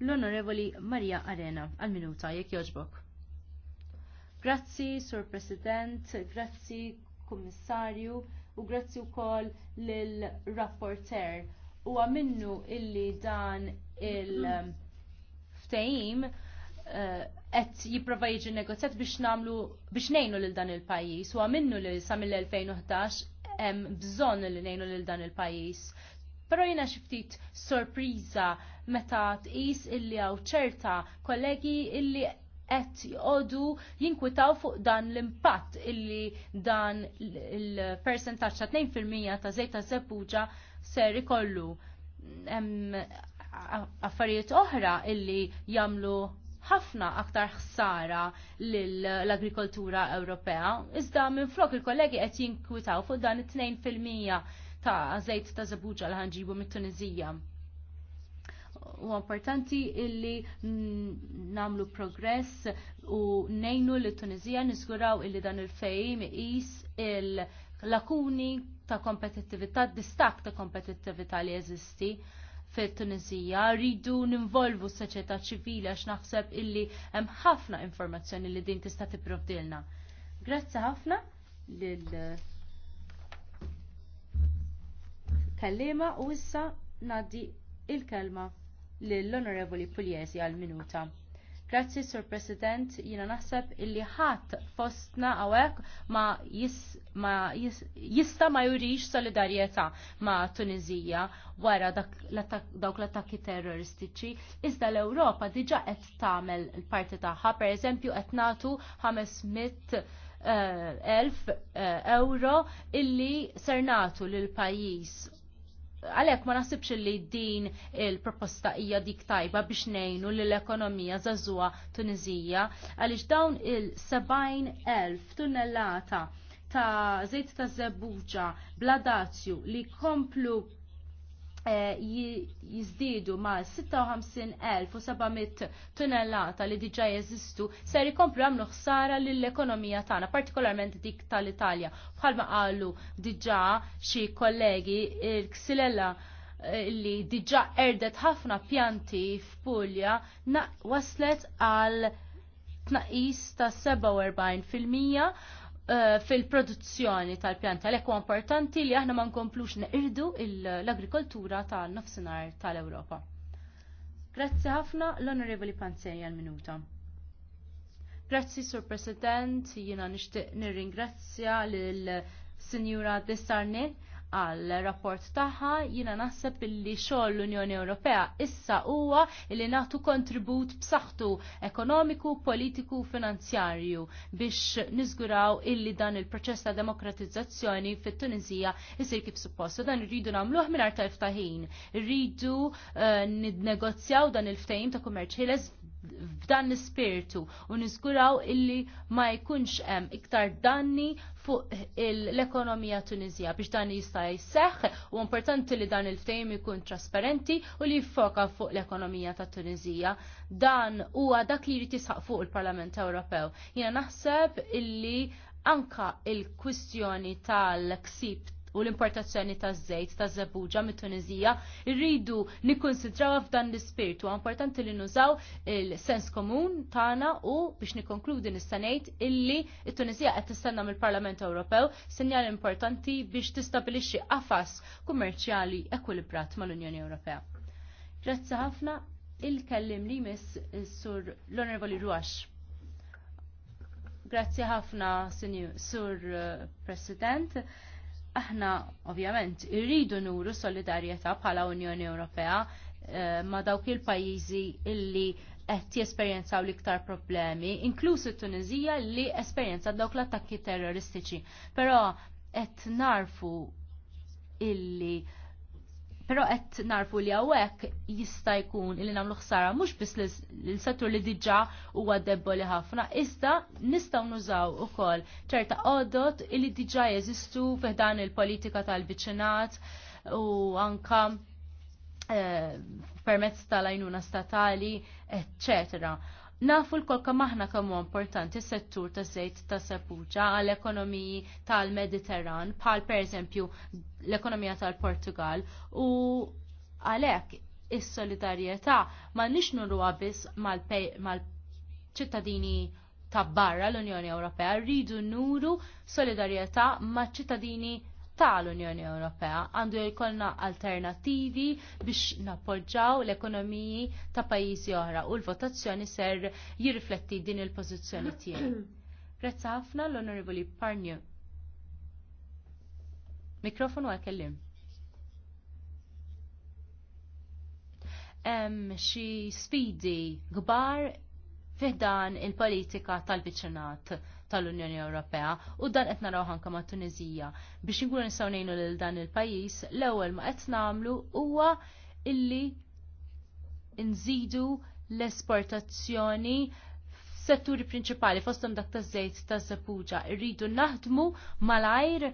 l-Onorevoli Maria Arena għal-minuta jekk joġbok. Grazzi, Sur President, grazzi, Kummissarju, u grazzi wkoll lill rapporter U għaminnu illi dan il-ftehim mhm. um, uh, qed jipprova jiġi negozjat biex nagħmlu biex ngħinu lil dan il-pajjiż. U għaminnu li sa l 2011 hemm bżonn li ngħinu lil dan il-pajjiż. Però jiena xi ftit sorpriża meta tqis illi hawn ċerta kollegi illi qed jgħodu jinkwitaw fuq dan l-impatt illi dan il-persentaġġ ta' 2% ta' żejt ta' sepuġa ser ikollu affarijiet oħra illi jagħmlu ħafna aktar ħsara l-agrikoltura Ewropea. Iżda minn flok il-kollegi qed jinkwitaw fuq dan it-2% ta' żejt ta' żebuġa l ħanġibu mit-Tunizija u importanti illi namlu progress u nejnu li Tunizija nisguraw illi dan il-fejm is il-lakuni ta' kompetitività, distak ta' kompetittività li jeżisti fil-Tunizija, rridu ninvolvu s-soċjetà ċivili għax naħseb illi hemm ħafna informazzjoni li din tista' tipprovdilna. Grazzi ħafna lil kallima u issa nadi il-kelma l-Onorevoli Pugliesi għal minuta. Grazzi, Sur President, jina naħseb illi ħadd fostna għawek ma, jis, ma jis, jista ma jurix solidarjetà ma Tunizija wara dawk l-attakki terroristiċi. Iżda l-Ewropa diġa qed tagħmel l-parti tagħha, pereżempju qed nagħtu 500 eh, elf eh, euro illi ser nagħtu lil pajjiż għalek ma nasibx li din il-proposta hija dik tajba biex nejnu l-ekonomija zazua Tunizija għalix dawn il-70.000 tunnellata ta' zejt ta' zebuġa bladazju li komplu Eh, jizdidu ma' 56,700 tonnellata li diġa jeżistu se ikomplu għamlu ħsara lill-ekonomija tagħna, partikolarment dik tal-Italja. ma qalu diġa xi kollegi il-ksilella li diġa erdet ħafna pjanti f'Pulja waslet għal tnaqis ta' 47 fil-mija Eh, fil-produzzjoni tal-pjanta l huwa importanti li aħna ma nkomplux neqirdu l-agrikoltura tal-nofsinar tal-Ewropa. Grazzi ħafna l-Onorevoli Panzeri għal-minuta. Grazzi, Sur President, jina nishtiq nirringrazzja l signora Desarnin għal rapport tagħha jiena naħseb illi xogħol l-Unjoni Ewropea issa huwa li nagħtu kontribut b'saħħtu ekonomiku, politiku finanzjarju biex niżguraw illi dan il-proċess ta' demokratizzazzjoni fit-Tunisija jisir kif suppost. Dan irridu nagħmluh mingħajr ta' ftaħin Irridu uh, nidnegozjaw dan il-ftehim ta' kummerċ f'dan l-spiritu u niżguraw illi ma jkunx hemm iktar danni fuq l-ekonomija Tunisija biex dan jista' jseħħ u importanti li dan il-ftehim ikun trasparenti u li jfoka fuq l-ekonomija ta' Tunizija. Dan huwa dak li jrid fuq il-Parlament Ewropew. Jiena naħseb illi anka il-kwistjoni tal-ksib u l-importazzjoni ta' żejt ta' żabuġa mit tunizija irridu nikkonsidraw f'dan l-ispirtu. Importanti li nużaw il-sens komun tagħna u biex nikkonkludi nista' ngħid illi it-Tunizija qed tistenna mill-Parlament Ewropew sinjal importanti biex tistabilixxi qafas kummerċjali ekwilibrat mal-Unjoni Ewropea. Grazzi ħafna il-kellim li miss sur l-Onorevoli Ruax. Grazzi ħafna, Sur eh, President aħna ovvjament irridu nuru solidarjetà bħala Unjoni Ewropea eh, ma dawk il-pajjiżi illi qed jesperjenzaw l-iktar problemi, inklusi t tunizija li esperjenza dawk l-attakki terroristiċi. Però qed narfu illi Pero qed narfu li hawnhekk jista' jkun li nagħmlu ħsara mhux biss l-settur li diġà huwa debboli ħafna, iżda nistgħu nużaw ukoll ċerta qodot li diġà jeżistu f'dan il-politika tal-viċinat u anka eh, permezz tal-għajnuna statali, eccetera. Nafu l-kol kam aħna kemm importanti settur ta' żejt ta' sepuġa għall ekonomiji tal-Mediterran, bħal pereżempju l-ekonomija tal-Portugal, u għalhekk is-solidarjetà ma nix nurruha biss mal-ċittadini ta' barra l-Unjoni Ewropea, rridu nuru solidarjetà ma' ċittadini tal-Unjoni Ewropea għandu jkollna alternativi biex nappoġġaw l-ekonomiji ta' pajjiżi oħra u l-votazzjoni ser jirrifletti din il-pożizzjoni tiegħi. Grazzi ħafna l-Onorevoli Parnju. Mikrofonu għakellim. Hemm xi sfidi kbar fiħdan il-politika tal-biċinat tal-Unjoni Ewropea u dan qed naraw ħanka ma' Tuniżija. Biex inkunu nistgħu ngħinu lil dan il-pajjiż, l-ewwel ma qed nagħmlu huwa illi nżidu l-esportazzjoni setturi prinċipali fostom dak taż-żejt taż-żepuġa. Irridu naħdmu malajr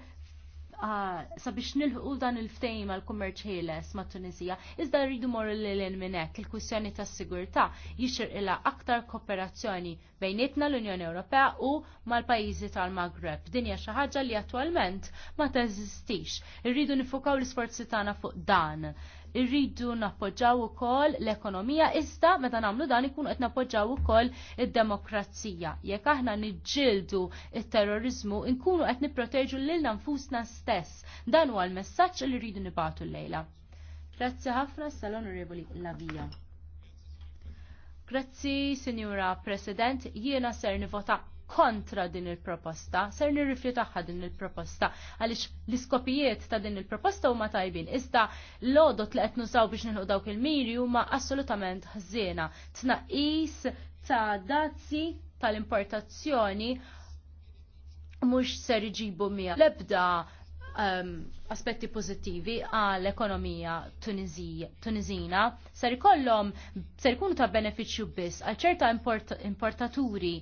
Ah, sabiex nilħu dan il-ftejm għal kummerċ ħieles ma' Tunisija. Iżda rridu morru l-lin minnek il kwissjoni ta' sigurta jixir ila aktar kooperazzjoni bejnietna l-Unjoni Ewropea u mal-pajizi tal-Maghreb. Dinja xi ħaġa li attualment ma teżistix. Irridu nifukaw l-isforzi tagħna fuq dan irridu nappoġġaw ukoll l-ekonomija iżda meta nagħmlu dan ikunu qed nappoġġaw ukoll id-demokrazija. Jekk aħna niġġieldu it-terrorizmu nkunu qed nipproteġu lil nfusna stess. Dan huwa l-messaġġ li rridu nibatu llejla. Grazzi ħafna sal-Onorevoli Lavija. Grazzi, Sinjura President, jiena ser nivota kontra din il-proposta, ser taħħa din il-proposta, għaliex l-iskopijiet ta' din il-proposta huma tajbin, iżda l-odot li qed nużaw biex nilħu dawk il-miri huma assolutament ħżiena. Tnaqis ta' dazzi tal-importazzjoni mhux ser iġibu mija l-ebda um, aspetti pozittivi għall ekonomija tunizina ser ikollhom ser kunu ta' benefiċċju biss għal ċerta import importaturi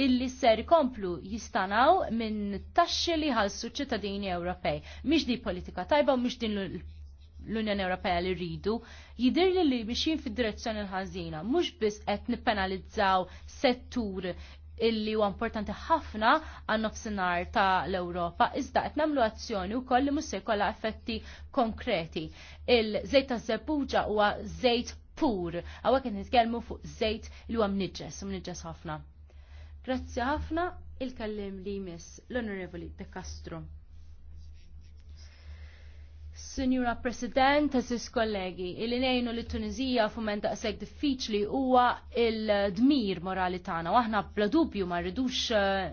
illi ser komplu jistanaw minn taxxi li ħalsu ċittadini Ewropej. Mhix di politika tajba u mhix din l-Unjoni Ewropea li rridu, jidir li li mixin fid-direzzjoni l-ħażina, mhux biss qed nippenalizzaw settur illi huwa importanti ħafna għan nofsinhar ta' l-Ewropa, iżda qed nagħmlu azzjoni wkoll li mhux se jkollha effetti konkreti. Il-żejt ta' żebbuġa huwa żejt pur, għawek nitkellmu fuq żejt li huwa mniġġes, mniġġes ħafna. Grazzi ħafna il-kallim li jmiss l-Onorevoli De Castro. Signora President, eżis kollegi, il nejnu li Tunizija fument daqseg diffiċli huwa il-dmir morali tagħna u aħna bla dubju ma rridux eh,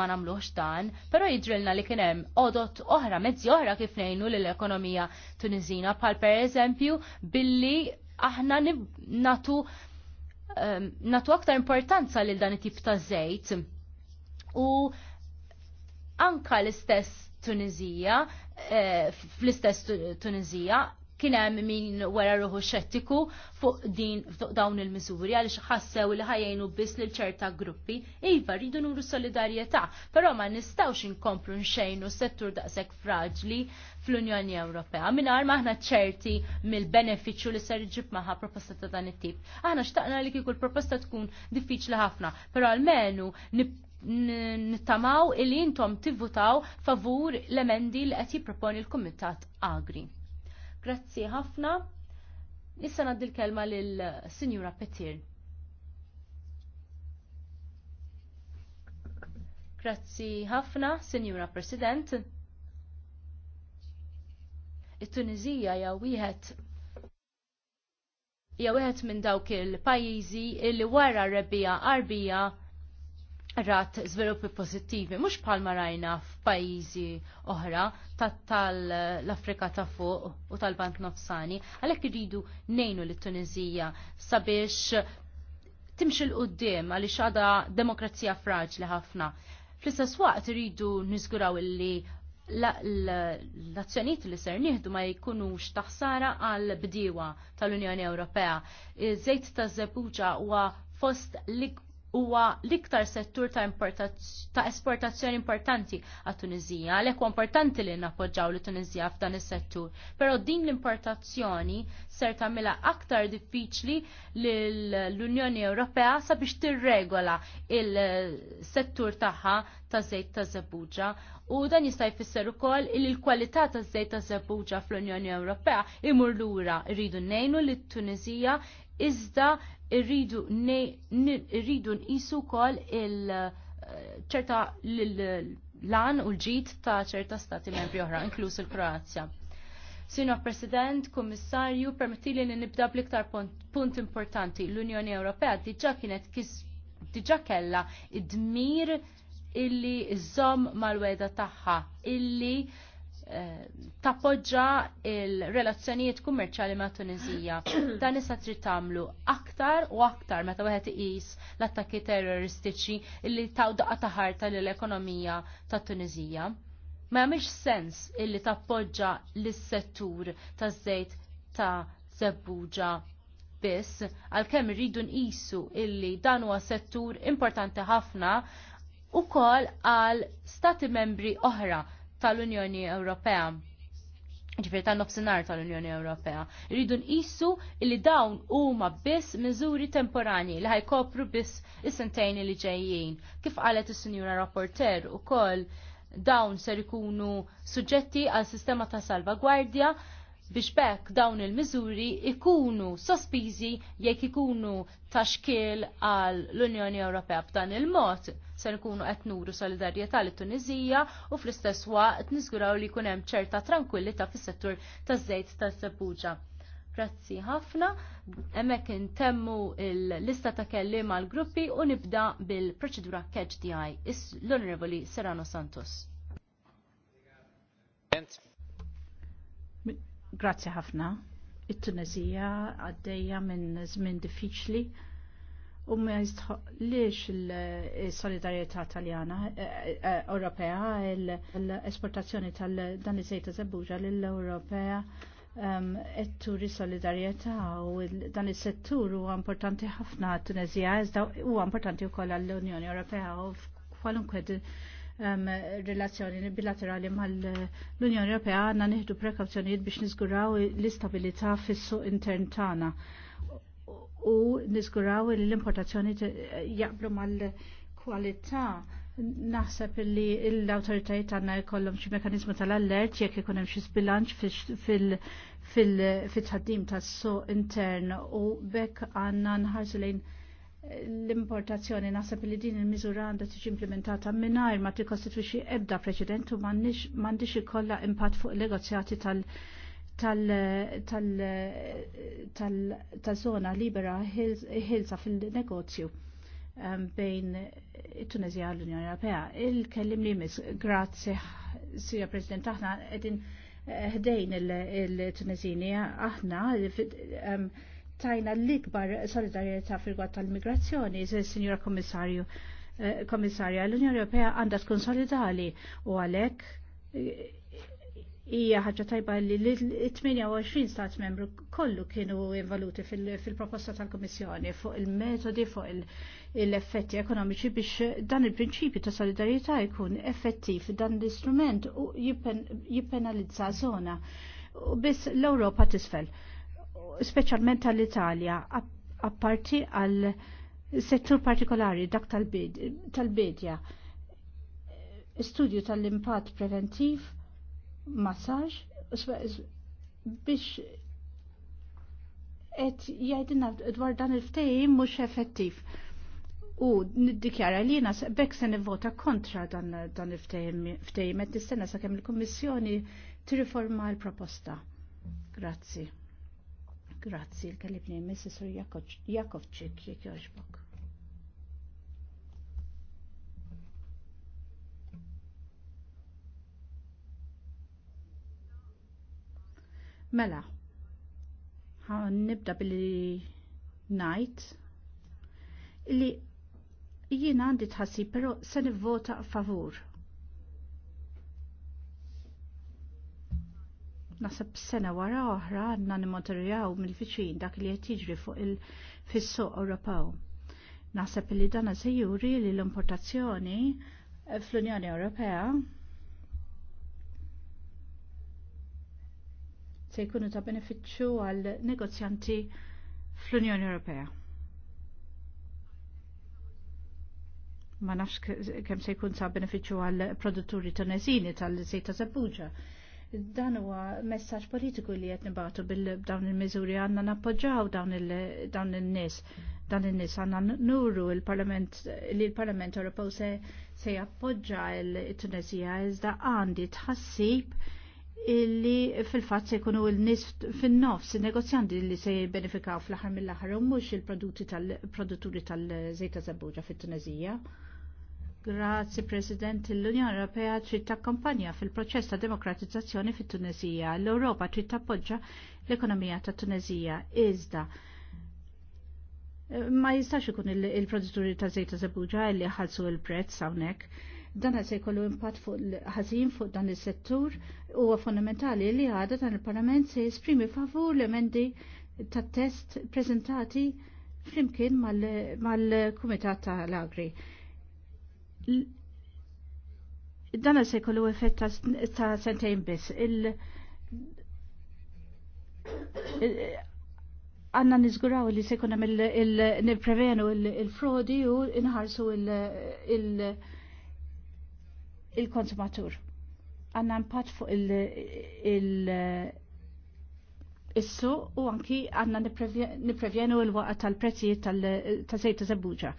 ma namluħx dan, pero jidrilna li kienem odot oħra, mezzi oħra kif nejnu l-ekonomija tunizina, pal per eżempju billi aħna natu Ehm, natu aktar importanza lil dan it-tip ta' żejt. U anka l-istess Tunizija, eh, fl-istess Tunizija, kien hemm min wara ruħu xettiku fuq din fuq dawn il-miżuri għaliex ħassew li ħajjinu biss lil ċerta gruppi. Iva rridu nuru solidarjetà, però ma nistgħux inkomplu nxejnu settur daqshekk fraġli fl-Unjoni Ewropea mingħajr ma aħna ċerti mill-benefiċċju li ser iġib magħha proposta ta' dan it-tip. Aħna xtaqna li kieku l-proposta tkun diffiċli ħafna, però almenu nittamaw il-li intom tivvutaw favur l-emendi li qed jipproponi l-Kumitat Agri. Grazzi ħafna. Issa naddi l-kelma lill Sinjura Petir. Grazzi ħafna, Sinjura President. It-Tunizija hija wieħed wieħed minn dawk il-pajjiżi li wara rebbija qarbija rat sviluppi pozittivi, mux palma rajna f'pajizi oħra tal-Afrika ta' fuq u tal-Bant Nofsani, għalek rridu nejnu li Tunizija sabiex timxil l-qoddim għalli xada demokrazija fraġli ħafna. Fl-istess waqt rridu nizguraw illi l-azzjoniet li ser nieħdu ma jkunux taħsara għal bdiewa tal-Unjoni Ewropea. Zejt ta' zebuġa huwa fost l huwa l-iktar settur ta', ta esportazzjoni importanti għat tunizija għalhekk huwa importanti li nappoġġaw li Tunizija f'dan is-settur. Però din l-importazzjoni ser tagħmilha aktar diffiċli l-Unjoni Ewropea sabiex tirregola il-settur tagħha ta' żejt ta' zebuġa u dan jista' jfisser ukoll li l-kwalità ta' żejt ta' zebuġa fl-Unjoni Ewropea imur lura rridu ngħinu li t-Tunizija iżda irridu nqisu wkoll il eh, ċerta l-lan u l-ġid ta' ċerta stati membri oħra, inkluż il-Kroazja. Sinu President, Kommissarju, permettili li nibda bliktar punt importanti. L-Unjoni Ewropea diġa kienet diġa kella id-dmir illi iżom mal-weda tagħha illi tappoġġa il-relazzjonijiet kummerċali ma' Tunizija. Dan issa trid tagħmlu aktar u aktar meta wieħed iqis l-attakki terroristiċi li taw daqqa ta' ħarta lill ekonomija ta' Tunizija. Ma jagħmilx sens illi tappoġġa lis-settur taż-żejt ta' Zebbuġa biss għalkemm irridu nqisu illi dan huwa settur importanti ħafna ukoll għal stati membri oħra tal-Unjoni Ewropea ġifir ta' nofsinar tal-Unjoni Ewropea. Rridu nqisu li dawn huma biss miżuri temporani li ħajkopru biss is-sentejn li ġejjin. Kif qalet is-Sinjura Rapporter ukoll dawn ser ikunu suġġetti għal sistema ta' salvagwardja biex bekk dawn il-miżuri ikunu sospiżi jekk ikunu taxkil għal l-Unjoni Ewropea b'dan il-mod se nkunu qed nuru solidarjetà lit tunizija u fl-istess waqt niżguraw li jkun hemm ċerta tranquillità fis-settur taż-żejt tas-sebuġa. Grazzi ħafna, hemmhekk intemmu l-lista ta' kelliem għall gruppi u nibda bil-proċedura catch DI, l-Onorevoli Serrano Santos. Grazzi ħafna. it tunezija għaddejja minn żmien diffiċli u ma jistħoqlix il-solidarietà taljana eh, eh, Ewropea l-esportazzjoni tal-dan iż-żejt ta' lill-Ewropea ehm, qed turi u dan is-settur huwa importanti ħafna għat tunezija iżda huwa importanti wkoll għall-Unjoni Ewropea u kwalunkwe um, relazzjoni bilaterali mal-Unjoni Ewropea għandna nieħdu prekawzjonijiet biex niżguraw l-istabilità fis-suq intern tagħna u niżguraw li l-importazzjoni jaqblu mal-kwalità Naħseb li l-autoritajiet għanna jkollhom xi mekanizmu tal-allert jekk ikun hemm xi sbilanċ fil-tħaddim tas-suq intern u bekk għandna nħarsu lejn l-importazzjoni nasab li din il-miżura għandha tiġi implementata mingħajr ma tikkostitwixxi ebda preċedent u m'għandix ikollha impatt fuq il negozjati tal- tal-zona libera ħilsa fil-negozju ehm, bejn it-Tunezija u l-Unjoni Ewropea. Il-kellim li mis, grazzi, Sija President, aħna qegħdin eh, ħdejn il-Tunezini, aħna ehm, tajna l-ikbar solidarieta fil-gwad tal-migrazzjoni, signora Komissarju, eh, Komissarja, l-Unjoni Ewropea għandha tkun solidali u għalhekk eh, hija ħaġa tajba li l-28 stat membru kollu kienu involuti fil-proposta tal-Komissjoni fuq il-metodi, fuq l-effetti ekonomiċi biex dan il-prinċipju ta' solidarietà jkun effettiv dan l-istrument u jippenalizza zona u biss l-Ewropa tisfel specialment tal-Italja, apparti għal settur partikolari dak tal-bedja. Studju tal-impatt preventiv, massaġ, biex et jajdina dwar dan il-ftejim mux effettiv. U niddikjara li jina bekk se nivvota kontra dan, dan il-ftejim, et nistenna sa' kemm il-Kommissjoni tirriforma l-proposta. Grazzi. Grazzi, l-kalibni Mrs. Jakovċik, jek joġbok. Mela, nibda billi najt li jien għandi tħassi, pero se nivvota favur nasab sena wara oħra għandna nimmaterjaw mill-viċin dak li qed jiġri fuq il suq Ewropew. Naħseb li dan se juri li l-importazzjoni fl-Unjoni Ewropea se jkunu ta' benefiċċju għal negozjanti fl-Unjoni Ewropea. Ma nafx kemm se jkun ta' benefiċċju għal produtturi tunesini tal-żejt ta' Zabbuġa. Dan huwa messaġġ politiku li qed nibatu bil-dawn il-miżuri għandna nappoġġaw dawn il-nies. Dan in-nies għandna nuru il-Parlament li l-Parlament Ewropew se se jappoġġa l-Tunisija iżda għandi tħassib illi fil-fatt se jkunu l-nies fin-nofs negozjanti li se jibbenefikaw fl-aħħar mill-aħħar u mhux il-produtturi tal-żejta żabbuġa fit-Tunisija. Grazzi President, l-Unjoni Ewropea trid takkompanja fil-proċess ta' demokratizzazzjoni fit-Tunezija. L-Ewropa trid tappoġġa l-ekonomija ta' Tunezija iżda. Ma jistax ikun il-produtturi ta' zejta zabuġa li ħalsu il-prezz hawnhekk. Dan se jkollu impatt fuq ħażin fuq dan is-settur huwa fondamentali li għada dan il-Parlament se jesprimi favur l-emendi tat-test preżentati flimkien mal-Kumitat mal kumitat tal agri dan se jkollu effett ta' sentejn biss. għanna nizguraw li se jkun hemm nipprevenu il-frodi u nħarsu il-konsumatur. Għanna mpat fuq il-issu u anki għanna nipprevenu il-waqqa tal-prezzijiet tal-sejta zabuġa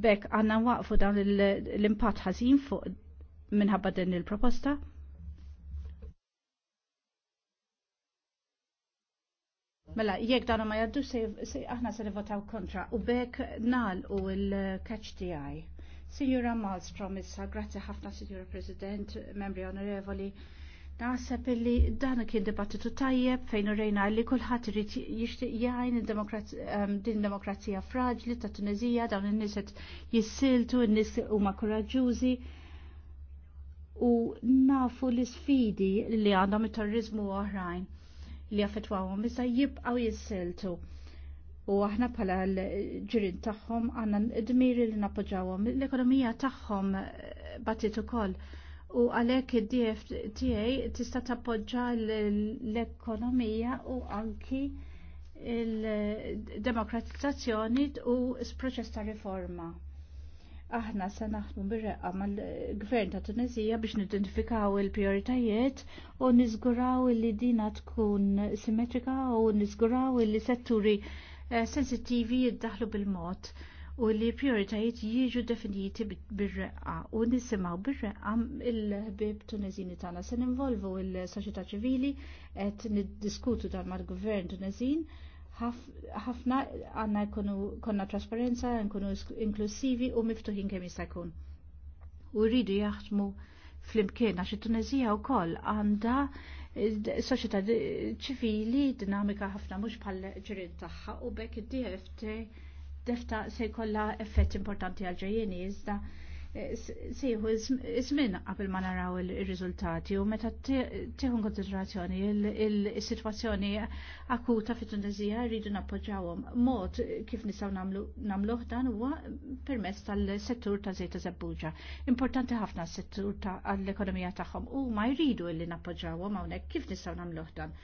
bekk għanna waqfu dan l-impat ħażin fuq minħabba din il-proposta. Mela, jekk dan ma jaddu se aħna se votaw kontra u bekk nal u l-catch DI. Signora Malmstrom issa, grazzi ħafna Signora President, membri onorevoli. Naħseb illi dan kien dibattitu tajjeb fejn rejna li kulħadd irid jixtieq jgħin ehm, din demokrazija fraġli ta' Tunizija dawn in-nies qed jissiltu, in-nies huma koraġġużi u nafu l sfidi li għandhom it-terrorizmu u oħrajn li affettwawhom iżda jibqgħu jissiltu. U aħna bħala l-ġirin tagħhom għandna d-dmiri li nappoġġawhom l-ekonomija tagħhom batit ukoll. koll u għalhekk id-DFTA tista' tappoġġa l-ekonomija u anki il-demokratizzazzjoni u s-proċess ta' riforma. Aħna se naħdmu bir-reqqa mal-Gvern ta' Tunisija biex nidentifikaw il-prioritajiet u niżguraw li dina tkun simmetrika u niżguraw li setturi eh, sensittivi jiddaħlu bil-mod u li prioritajiet jiġu definiti bir-reqqa u nisimaw bir-reqqa il-ħbib tunezini tagħna se nvolvu l-soċjetà ċivili qed niddiskutu dan mal-gvern tunezin ħafna għanna konna trasparenza, nkunu inklusivi u miftuħin kemm jista' jkun. U rridu jaħdmu fl-imkien għax it-Tunezija wkoll għandha soċjetà ċivili dinamika ħafna mhux bħal ġirien tagħha u bekk id-DFT defta se jkollha effett importanti għal ġejjeni iżda eh, sejħu izmin qabel ma naraw il-rizultati u meta tieħu konsiderazzjoni il-sitwazzjoni akuta fit tunizija rridu nappoġġawhom mod kif nistgħu nagħmluh dan huwa permezz tal-settur ta' żejta żebbuġa. Importanti ħafna s-settur għall-ekonomija tagħhom u ma jridu illi nappoġġawhom hawnhekk kif nistgħu nagħmluh dan.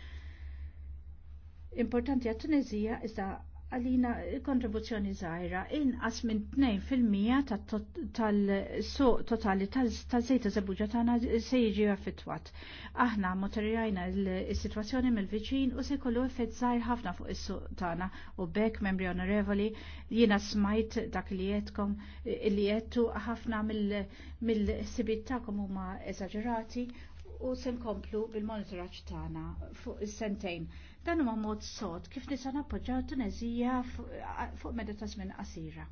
Importanti għat-Tunizija iżda għalina kontribuzzjoni zaħira inqas minn 2% tal-suq totali tal-sejta zabuġa tagħna se jiġi affittwat. Aħna motorjajna l-sitwazzjoni mill-viċin u se kollu effett zaħir ħafna fuq is-suq tagħna u bekk membri onorevoli jiena smajt dak li jedkom li jettu ħafna mill-sibit tagħkom huma eżaġerati u se nkomplu bil-monitoraġġ tagħna fuq is-sentejn Dan huwa mod sod kif nisa nappoġġaw Tunezija fuq meta ta' żmien qasira.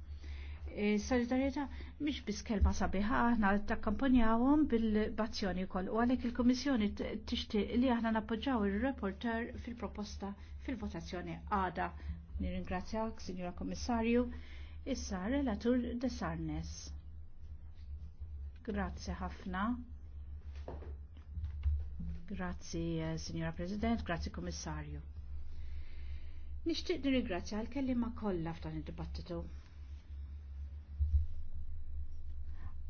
E, Solidarjetà mhix biss kelma sabiħa aħna takkampanjawhom bil-bazzjoni wkoll u għalhekk il-Kummissjoni tixtieq li aħna nappoġġaw ir-reporter fil-proposta fil-votazzjoni għada. Nirringrazzjak, Sinjura Kommissarju, issa relatur de Sarnes. Grazie ħafna. Grazzi, eh, Signora President, grazzi, Komissarju. Nishtiq nirigrazzja għal ma kollha f'dan id-dibattitu.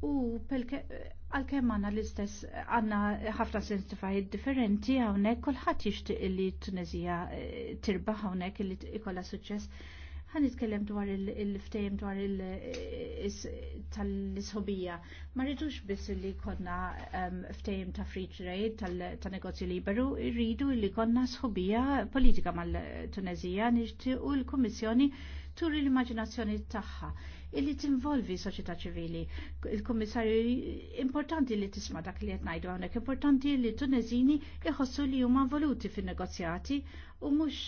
U għal-kem għanna l-istess għanna ħafna sensitifajt differenti għawnek kolħat jishtiq li t Tunezija tirbaħ għawnek li ikolla suċess ħan nitkellem dwar il-ftejm dwar tal-isħobija. Ma rridux biss li konna ehm, ftejm ta' free trade ta' negozju liberu, rridu li konna sħobija politika mal-Tunezija nixtiequ l-Kummissjoni tur l-immaġinazzjoni tagħha illi tinvolvi soċjetà ċivili. Il-Kummissarju importanti li tisma' dak li qed ngħidu hawnhekk, importanti li t Tunezini jħossu li huma voluti fin-negozjati u mhux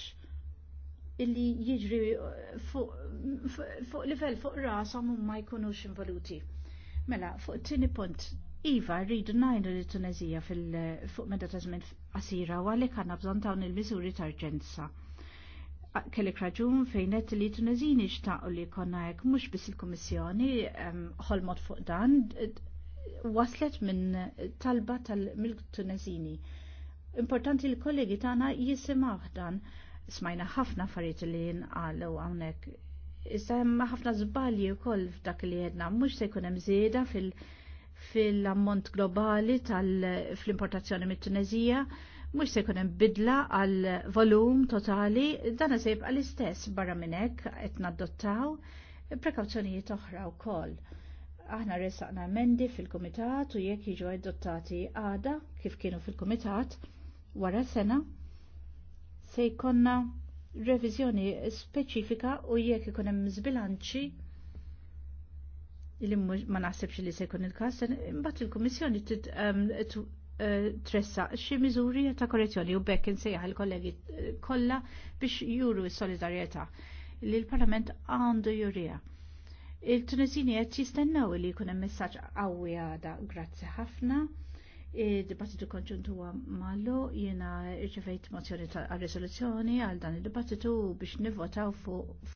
illi jiġri uh, fuq livell fuq rashom u ma jkunux involuti. Mela, fuq tini punt, Iva, rridu najnu li Tunezija fuq meta ta' żmien qasira u għalhekk għandna bżonn dawn il-miżuri ta' urġenza. Kellek raġun fejnet li Tunezini xtaqu li konna hekk mhux biss il-Kummissjoni ħolmot fuq dan waslet minn talba tal-Tunezini. Importanti l-kollegi tagħna jisimaħ dan smajna ħafna affarijiet li jinqalu hawnhekk. Issa hemm ħafna żbalji wkoll f'dak li jedna mhux se jkun hemm żieda fil-ammont fil globali tal-importazzjoni mit-Tunezija, mhux se jkun hemm bidla għal volum totali, dan se jibqa' l-istess barra minn hekk qed nadottaw prekawzjonijiet oħra wkoll. Aħna resaqna emendi fil-Kumitat u jekk jiġu adottati għada kif kienu fil-Kumitat wara sena se jkonna revizjoni speċifika u jekk ikun hemm żbilanċi li ma naħsibx li se jkun il-każ, imbagħad il-Kummissjoni e, tressa xi miżuri ta' korrezzjoni u bekk insejjaħ il-kollegi e, kollha biex juru s-solidarjetà li l-Parlament għandu jurija. Il-Tunisini qed jistennew li jkun hemm messaġġ qawwi għada. Grazzi ħafna il dibattitu konġuntu mallu jena rċevejt mozzjoni għal risoluzzjoni għal dan il dibattitu biex nivvotaw fuq